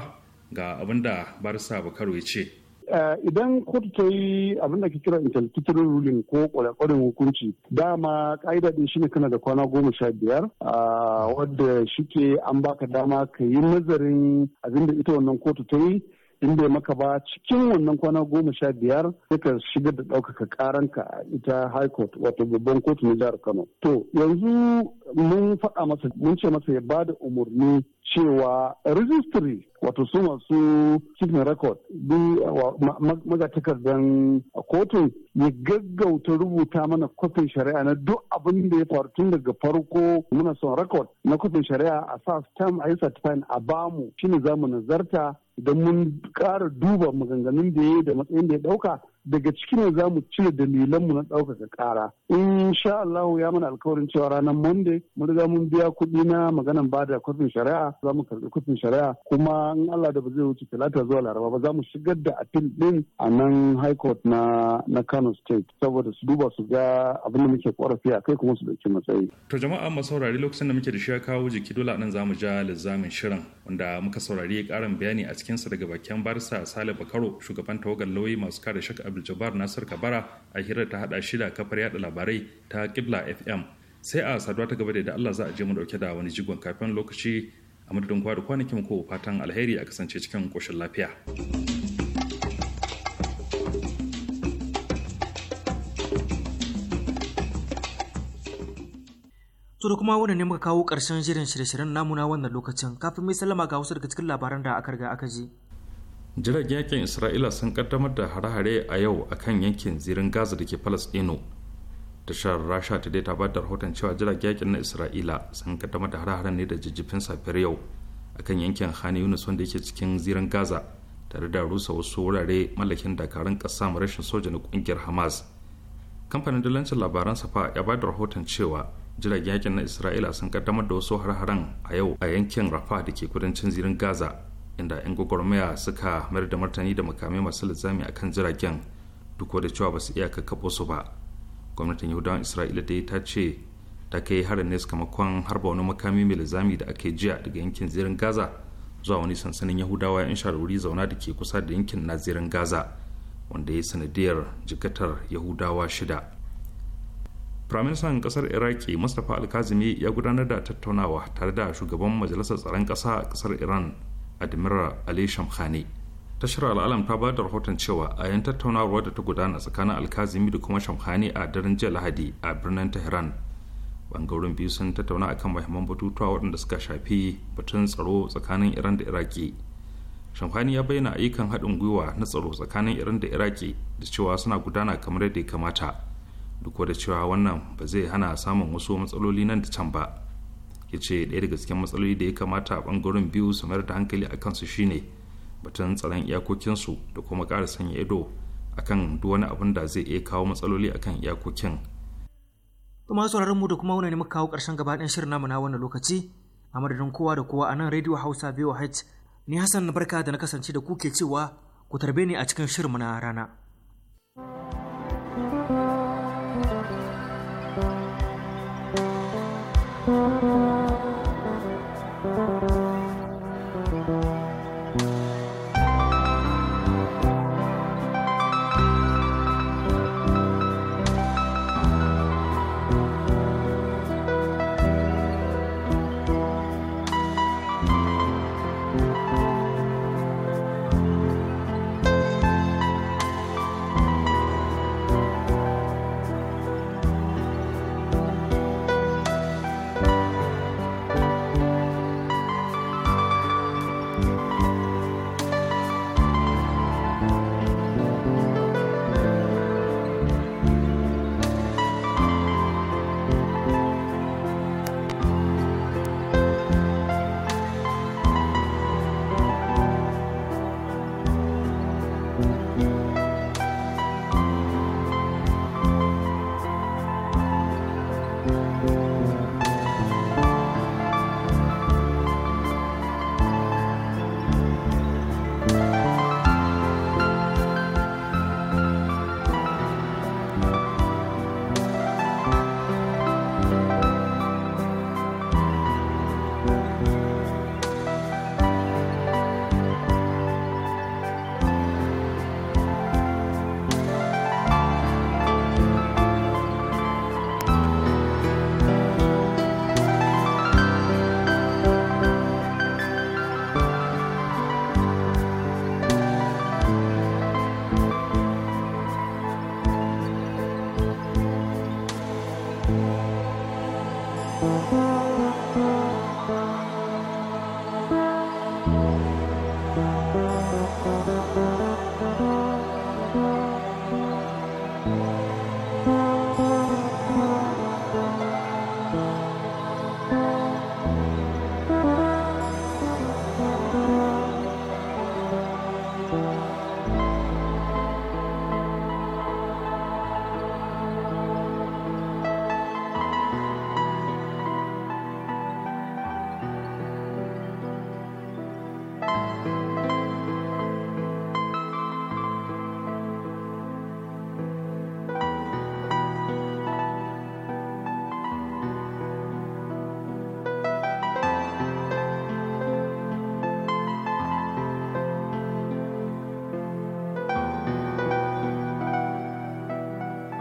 ga abin da barista bakaru ya ce Eh, idan kotu ta yi abin da ke kira interlocutory ruling ko kwarekwarin hukunci dama ka'ida din shine kana da kwana goma sha biyar ah, wadda shike an baka dama ka yi nazarin abin da ita wannan kotu ta yi in ya maka ba cikin wannan kwana goma sha biyar ka shigar da ɗaukaka karanka a ita high court wato babban kotu na jihar kano to yanzu mun faɗa masa mun ce masa ya ba da umarni cewa registry wato su masu cikin record magatakardan kotun ya gaggauta rubuta mana kwafin shari'a na duk abin da ya faru tun daga farko muna son record na kwafin shari'a a sa stamp a yi certifying a bamu shine za mu nazarta don mun ƙara duba maganganun da ya da matsayin da ya dauka. daga ciki zamu za mu cire dalilanmu na ɗaukaka ƙara. In Allah ya mana alkawarin cewa ranar Monday mun riga mun biya kuɗi na maganan ba da kwafin shari'a za mu karɓi kwafin shari'a kuma in Allah da ba zai wuce talata zuwa laraba ba za mu shigar da atil ɗin a nan High Court na na Kano State saboda su duba su ga abin da muke ƙorafi a kai kuma su ɗauki matsayi. To jama'a mu saurari lokacin da muke da shi ya kawo jiki dole a nan za mu ja lizamin shirin wanda muka saurari ƙarin bayani a cikinsa daga bakin barsa Sale Bakaro shugaban tawagar lauyi masu kare shaka abdul nasir kabara a hirar ta hada shida kafar yada labarai ta kibla fm sai a saduwa ta gaba da allah za a je mu dauke da wani jigon kafin lokaci a madadin kwa kwanakin ko fatan alheri a kasance cikin koshin lafiya. su da kuma wannan ne muka kawo ƙarshen shirin shirye-shiryen namuna wannan lokacin kafin mai sallama ga wasu daga cikin labaran da aka riga aka ji. jiragen yakin isra'ila sun kaddamar da hare-hare a yau a kan yankin zirin gaza da ke palestino tashar rasha ta ta ba da rahoton cewa jiragen yakin na isra'ila sun kaddamar da hare-hare ne da jijjifin safiyar yau a kan yankin hani yunus wanda yake cikin zirin gaza tare da rusa wasu wurare mallakin dakarun ƙasa rashin soja na kungiyar hamas kamfanin dalancin labaran safa ya ba da rahoton cewa jiragen yakin na isra'ila sun kaddamar da wasu hare haren a yau a yankin rafa da ke kudancin zirin gaza inda 'yan gwagwarmaya suka mayar da martani da makamai masu linzami a kan jiragen duk da cewa ba su iya kakkaɓo su ba gwamnatin yahudawan isra'ila dai ta ce ta kai harin ne sakamakon harba wani makami mai linzami da aka jiya daga yankin zirin gaza zuwa wani sansanin yahudawa 'yan sharuri zauna da ke kusa da yankin nazirin gaza wanda ya sanadiyar jikatar yahudawa shida firaministan kasar iraki mustapha alkazimi ya gudanar da tattaunawa tare da shugaban majalisar tsaron ƙasa a kasar iran admiral ali shamkhani tashar al'alam ta ba da rahoton cewa a yan tattaunawar da ta gudana tsakanin alkazimi da kuma shamkhani a daren jiya lahadi a birnin tehran bangaren biyu sun tattauna akan muhimman batutuwa waɗanda suka shafi batun tsaro tsakanin iran da iraki shamkhani ya bayyana ayyukan haɗin gwiwa na tsaro tsakanin iran da iraki da cewa suna gudana kamar yadda ya kamata duk da cewa wannan ba zai hana samun wasu matsaloli nan da can ba ya ce ɗaya daga cikin matsaloli da ya kamata a ɓangaren biyu su mayar da hankali a kansu shine batun tsaron iyakokinsu da kuma ƙara sanya ido kan duk wani abin da zai iya kawo matsaloli a kan iyakokin. To masu sauraron mu da kuma wani ne muka kawo ƙarshen gaba ɗayan shirin namu na wannan lokaci a madadin kowa da kowa a nan rediyo Hausa VOH ni Hassan barka da na kasance da ku ke cewa ku tarbe ni a cikin shirin na rana.